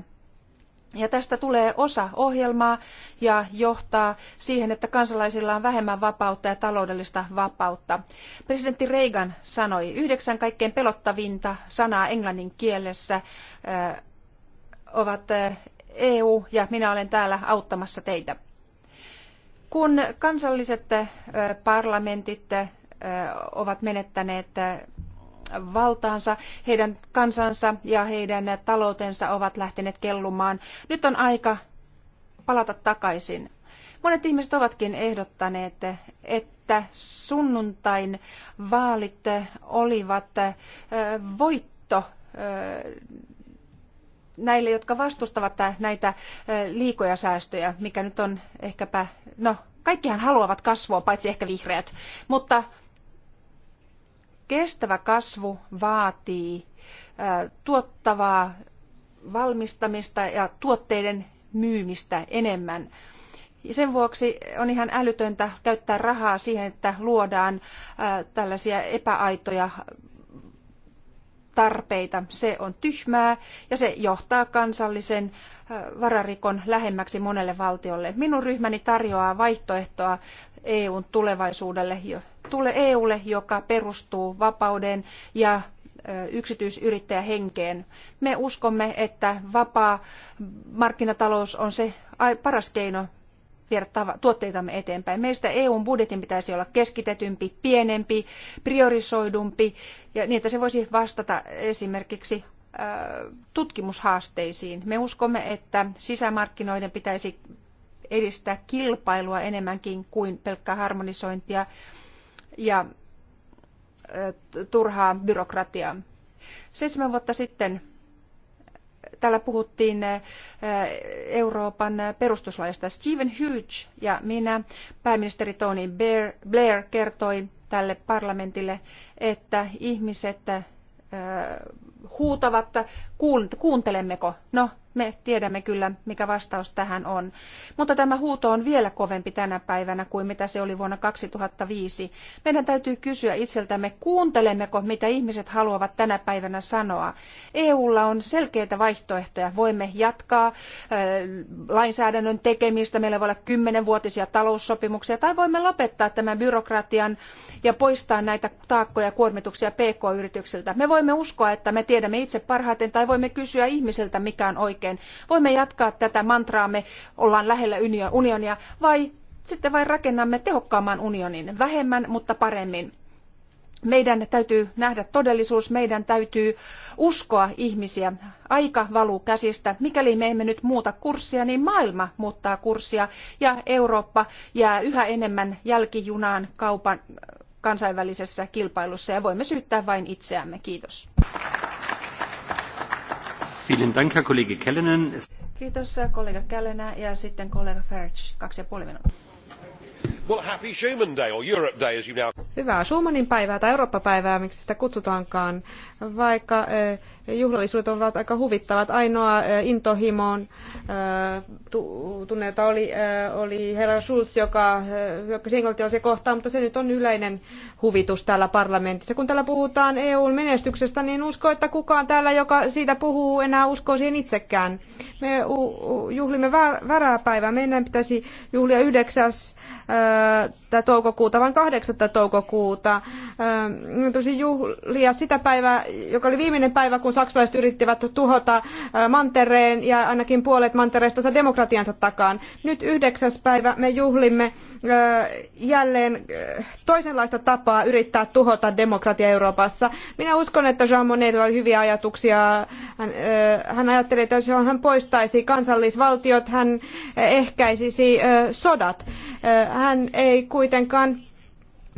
Ja tästä tulee osa ohjelmaa ja johtaa siihen, että kansalaisilla on vähemmän vapautta ja taloudellista vapautta. Presidentti Reagan sanoi, yhdeksän kaikkein pelottavinta sanaa englannin kielessä ovat EU ja minä olen täällä auttamassa teitä. Kun kansalliset parlamentit ovat menettäneet valtaansa, heidän kansansa ja heidän taloutensa ovat lähteneet kellumaan. Nyt on aika palata takaisin. Monet ihmiset ovatkin ehdottaneet, että sunnuntain vaalit olivat voitto näille, jotka vastustavat näitä liikoja säästöjä, mikä nyt on ehkäpä, no kaikkihan haluavat kasvua, paitsi ehkä vihreät, mutta kestävä kasvu vaatii tuottavaa valmistamista ja tuotteiden myymistä enemmän. Sen vuoksi on ihan älytöntä käyttää rahaa siihen, että luodaan tällaisia epäaitoja tarpeita. Se on tyhmää ja se johtaa kansallisen vararikon lähemmäksi monelle valtiolle. Minun ryhmäni tarjoaa vaihtoehtoa EUn tulevaisuudelle, tule EUlle, joka perustuu vapauden ja yksityisyrittäjähenkeen. Me uskomme, että vapaa markkinatalous on se paras keino viedä tuotteitamme eteenpäin. Meistä EUn budjetin pitäisi olla keskitetympi, pienempi, priorisoidumpi ja niin, että se voisi vastata esimerkiksi tutkimushaasteisiin. Me uskomme, että sisämarkkinoiden pitäisi edistää kilpailua enemmänkin kuin pelkkää harmonisointia ja turhaa byrokratiaa. Seitsemän vuotta sitten täällä puhuttiin eh, Euroopan perustuslaista. Stephen Hughes ja minä, pääministeri Tony Blair kertoi tälle parlamentille, että ihmiset eh, huutavat, kuuntelemmeko. No, me tiedämme kyllä, mikä vastaus tähän on. Mutta tämä huuto on vielä kovempi tänä päivänä kuin mitä se oli vuonna 2005. Meidän täytyy kysyä itseltämme, kuuntelemmeko, mitä ihmiset haluavat tänä päivänä sanoa. EUlla on selkeitä vaihtoehtoja. Voimme jatkaa lainsäädännön tekemistä, meillä voi olla kymmenenvuotisia taloussopimuksia, tai voimme lopettaa tämän byrokratian ja poistaa näitä taakkoja ja kuormituksia pk-yrityksiltä. Me voimme uskoa, että me tiedämme itse parhaiten, tai voimme kysyä ihmisiltä, mikä on oikein jälkeen. Voimme jatkaa tätä mantraamme, ollaan lähellä unionia, vai sitten vain rakennamme tehokkaamman unionin, vähemmän, mutta paremmin. Meidän täytyy nähdä todellisuus, meidän täytyy uskoa ihmisiä. Aika valuu käsistä. Mikäli me emme nyt muuta kurssia, niin maailma muuttaa kurssia ja Eurooppa jää yhä enemmän jälkijunaan kaupan kansainvälisessä kilpailussa ja voimme syyttää vain itseämme. Kiitos. Kiitos äh, kollega Kellenen ja sitten kollega Farage, kaksi ja puoli minuuttia. Hyvää Schumannin päivää tai Eurooppa-päivää, miksi sitä kutsutaankaan, vaikka juhlallisuudet ovat aika huvittavat. Ainoa intohimon tunneita oli, oli herra Schulz, joka hyökkäsi englantilaisia kohtaan, mutta se nyt on yleinen huvitus täällä parlamentissa. Kun täällä puhutaan EUn menestyksestä, niin usko, että kukaan täällä, joka siitä puhuu, enää uskoo siihen itsekään. Me juhlimme Varaa-päivää. Meidän pitäisi juhlia yhdeksäs toukokuuta, vaan 8. toukokuuta. Tosi juhlia sitä päivää, joka oli viimeinen päivä, kun saksalaiset yrittivät tuhota mantereen ja ainakin puolet mantereesta saa demokratiansa takaan. Nyt yhdeksäs päivä me juhlimme jälleen toisenlaista tapaa yrittää tuhota demokratia Euroopassa. Minä uskon, että Jean Monnetilla oli hyviä ajatuksia. Hän, hän ajatteli, että jos hän poistaisi kansallisvaltiot, hän ehkäisisi sodat. Hän ei kuitenkaan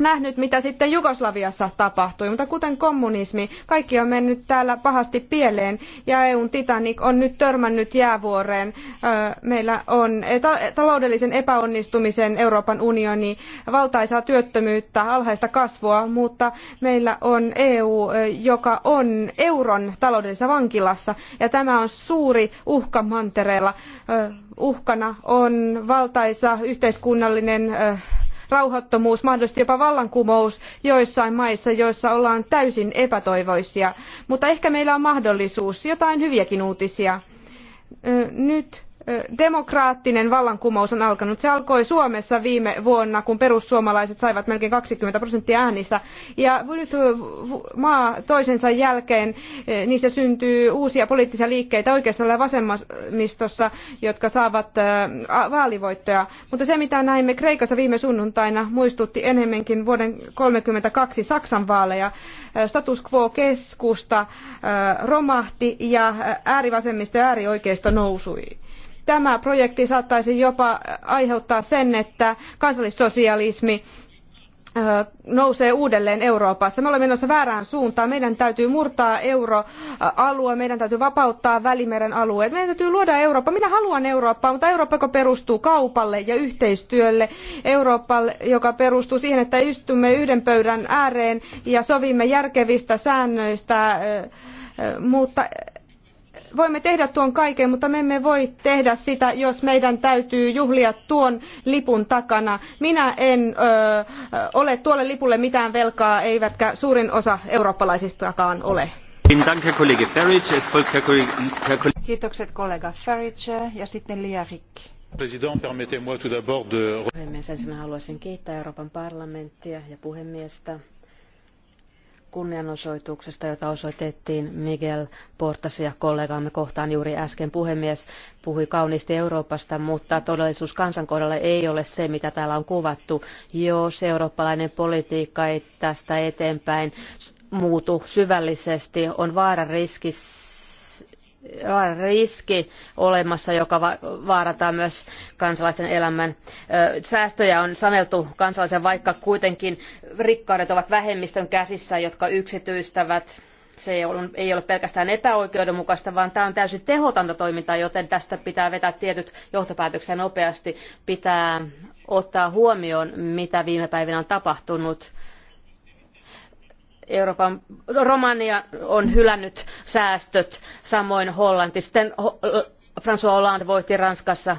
nähnyt, mitä sitten Jugoslaviassa tapahtui. Mutta kuten kommunismi, kaikki on mennyt täällä pahasti pieleen ja EUn Titanic on nyt törmännyt jäävuoreen. Meillä on taloudellisen epäonnistumisen Euroopan unioni, valtaisaa työttömyyttä, alhaista kasvua, mutta meillä on EU, joka on euron taloudellisessa vankilassa ja tämä on suuri uhka mantereella. Uhkana on valtaisa yhteiskunnallinen rauhattomuus, mahdollisesti jopa vallankumous joissain maissa, joissa ollaan täysin epätoivoisia. Mutta ehkä meillä on mahdollisuus, jotain hyviäkin uutisia. Nyt demokraattinen vallankumous on alkanut. Se alkoi Suomessa viime vuonna, kun perussuomalaiset saivat melkein 20 prosenttia äänistä. Ja nyt maa toisensa jälkeen niissä syntyy uusia poliittisia liikkeitä oikeistolla ja vasemmistossa, jotka saavat vaalivoittoja. Mutta se, mitä näimme Kreikassa viime sunnuntaina, muistutti enemmänkin vuoden 32 Saksan vaaleja. Status quo-keskusta romahti ja äärivasemmisto ja äärioikeisto nousui Tämä projekti saattaisi jopa aiheuttaa sen, että kansallissosialismi nousee uudelleen Euroopassa. Me olemme menossa väärään suuntaan. Meidän täytyy murtaa euroalue, meidän täytyy vapauttaa Välimeren alueet, meidän täytyy luoda Eurooppa. Minä haluan Eurooppaa, mutta Eurooppa, joka perustuu kaupalle ja yhteistyölle, Eurooppa, joka perustuu siihen, että istumme yhden pöydän ääreen ja sovimme järkevistä säännöistä, mutta voimme tehdä tuon kaiken, mutta me emme voi tehdä sitä, jos meidän täytyy juhlia tuon lipun takana. Minä en ö, ole tuolle lipulle mitään velkaa, eivätkä suurin osa eurooppalaisistakaan ole. Kiitokset kollega Farage ja sitten Liarik. Puhemies, ensin haluaisin kiittää Euroopan parlamenttia ja puhemiestä kunnianosoituksesta, jota osoitettiin Miguel Portasia kollegaamme kohtaan juuri äsken. Puhemies puhui kauniisti Euroopasta, mutta todellisuus kansan kohdalla ei ole se, mitä täällä on kuvattu. Jos eurooppalainen politiikka ei tästä eteenpäin muutu syvällisesti, on vaara riski riski olemassa, joka vaarantaa myös kansalaisten elämän. Säästöjä on saneltu kansalaisen, vaikka kuitenkin rikkaudet ovat vähemmistön käsissä, jotka yksityistävät se ei ole pelkästään epäoikeudenmukaista, vaan tämä on täysin tehotonta toimintaa, joten tästä pitää vetää tietyt johtopäätöksiä nopeasti. Pitää ottaa huomioon, mitä viime päivinä on tapahtunut Euroopan, Romania on hylännyt säästöt, samoin Hollanti. Sitten François Hollande voitti Ranskassa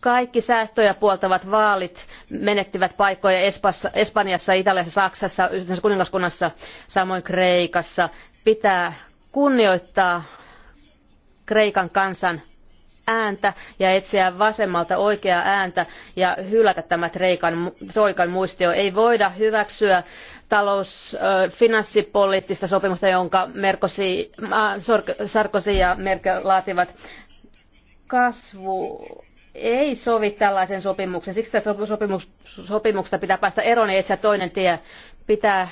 kaikki säästöjä puoltavat vaalit menettivät paikkoja Espanjassa, Italiassa, Saksassa, yhdistyneessä kuningaskunnassa, samoin Kreikassa. Pitää kunnioittaa Kreikan kansan ääntä ja etsiä vasemmalta oikeaa ääntä ja hylätä tämä treikan, troikan muistio. Ei voida hyväksyä talous- finanssipoliittista sopimusta, jonka Merkosi, äh, Sarkozy ja Merkel laativat. Kasvu ei sovi tällaisen sopimuksen. Siksi tästä sopimuksesta pitää päästä eroon ja etsiä toinen tie. Pitää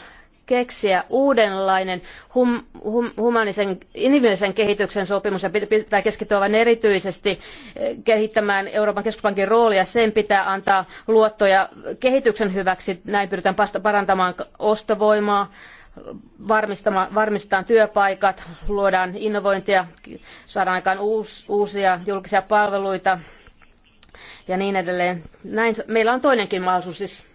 keksiä uudenlainen hum, hum, humanisen, inhimillisen kehityksen sopimus ja pitää keskittyä vain erityisesti eh, kehittämään Euroopan keskuspankin roolia. Sen pitää antaa luottoja kehityksen hyväksi. Näin pyritään parantamaan ostovoimaa, varmistetaan työpaikat, luodaan innovointia, saadaan aikaan uus, uusia julkisia palveluita ja niin edelleen. Näin, meillä on toinenkin mahdollisuus siis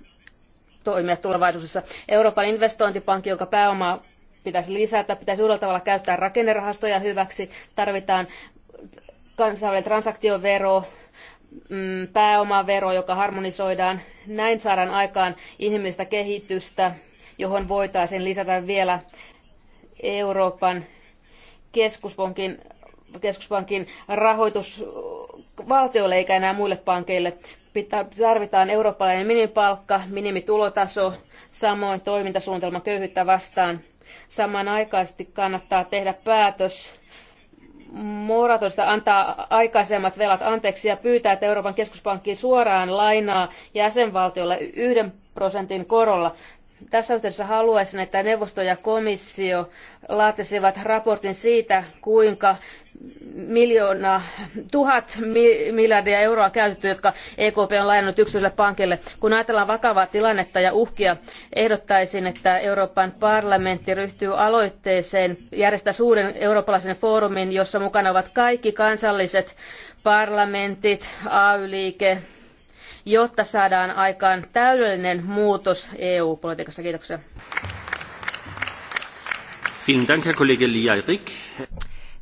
toimia tulevaisuudessa. Euroopan investointipankki, jonka pääomaa pitäisi lisätä, pitäisi uudella tavalla käyttää rakennerahastoja hyväksi, tarvitaan kansainvälinen transaktiovero, mm, pääomavero, joka harmonisoidaan. Näin saadaan aikaan ihmistä kehitystä, johon voitaisiin lisätä vielä Euroopan keskuspankin, keskuspankin rahoitus valtiolle eikä enää muille pankeille pitää, tarvitaan eurooppalainen minimipalkka, minimitulotaso, samoin toimintasuunnitelma köyhyyttä vastaan. Samanaikaisesti kannattaa tehdä päätös moratorista antaa aikaisemmat velat anteeksi ja pyytää, että Euroopan keskuspankki suoraan lainaa jäsenvaltiolle yhden prosentin korolla. Tässä yhteydessä haluaisin, että neuvosto ja komissio laatisivat raportin siitä, kuinka miljoona, tuhat miljardia euroa käytetty, jotka EKP on lainannut yksityiselle pankille. Kun ajatellaan vakavaa tilannetta ja uhkia, ehdottaisin, että Euroopan parlamentti ryhtyy aloitteeseen järjestää suuren eurooppalaisen foorumin, jossa mukana ovat kaikki kansalliset parlamentit, AY-liike, jotta saadaan aikaan täydellinen muutos EU-politiikassa. Kiitoksia.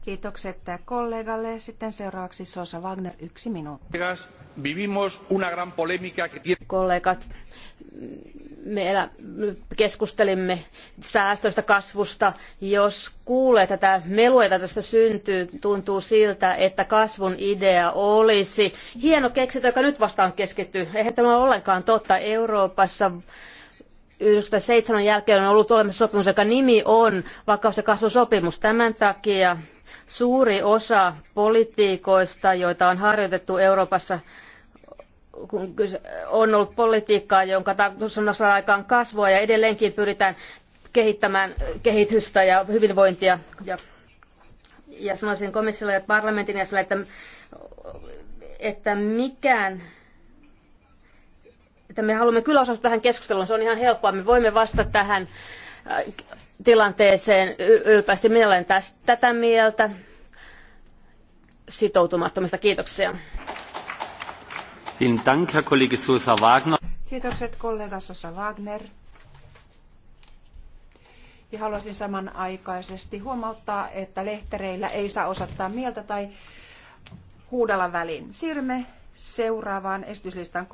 Kiitokset kollegalle. Sitten seuraavaksi Sosa Wagner, yksi minuutti. Kollegat, me elä, keskustelimme säästöistä, kasvusta. Jos kuulee tätä melua, jota tästä syntyy, tuntuu siltä, että kasvun idea olisi hieno keksintö, joka nyt vastaan keskittyy. Eihän tämä ole ollenkaan totta. Euroopassa 1997 jälkeen on ollut olemassa sopimus, joka nimi on vakaus- ja kasvusopimus. Tämän takia suuri osa politiikoista, joita on harjoitettu Euroopassa – kun on ollut politiikkaa, jonka tarkoitus on saada aikaan kasvua ja edelleenkin pyritään kehittämään kehitystä ja hyvinvointia. Ja, ja sanoisin komissiolle ja parlamentin ja sille, että, että mikään että me haluamme kyllä osallistua tähän keskusteluun, se on ihan helppoa, me voimme vastata tähän äh, tilanteeseen ylpeästi. Minä olen tästä, tätä mieltä sitoutumattomista. Kiitoksia. Kiitokset kollega Sosa Wagner. Ja haluaisin samanaikaisesti huomauttaa, että lehtereillä ei saa osoittaa mieltä tai huudella väliin. Siirrymme seuraavaan esityslistan kohtaan.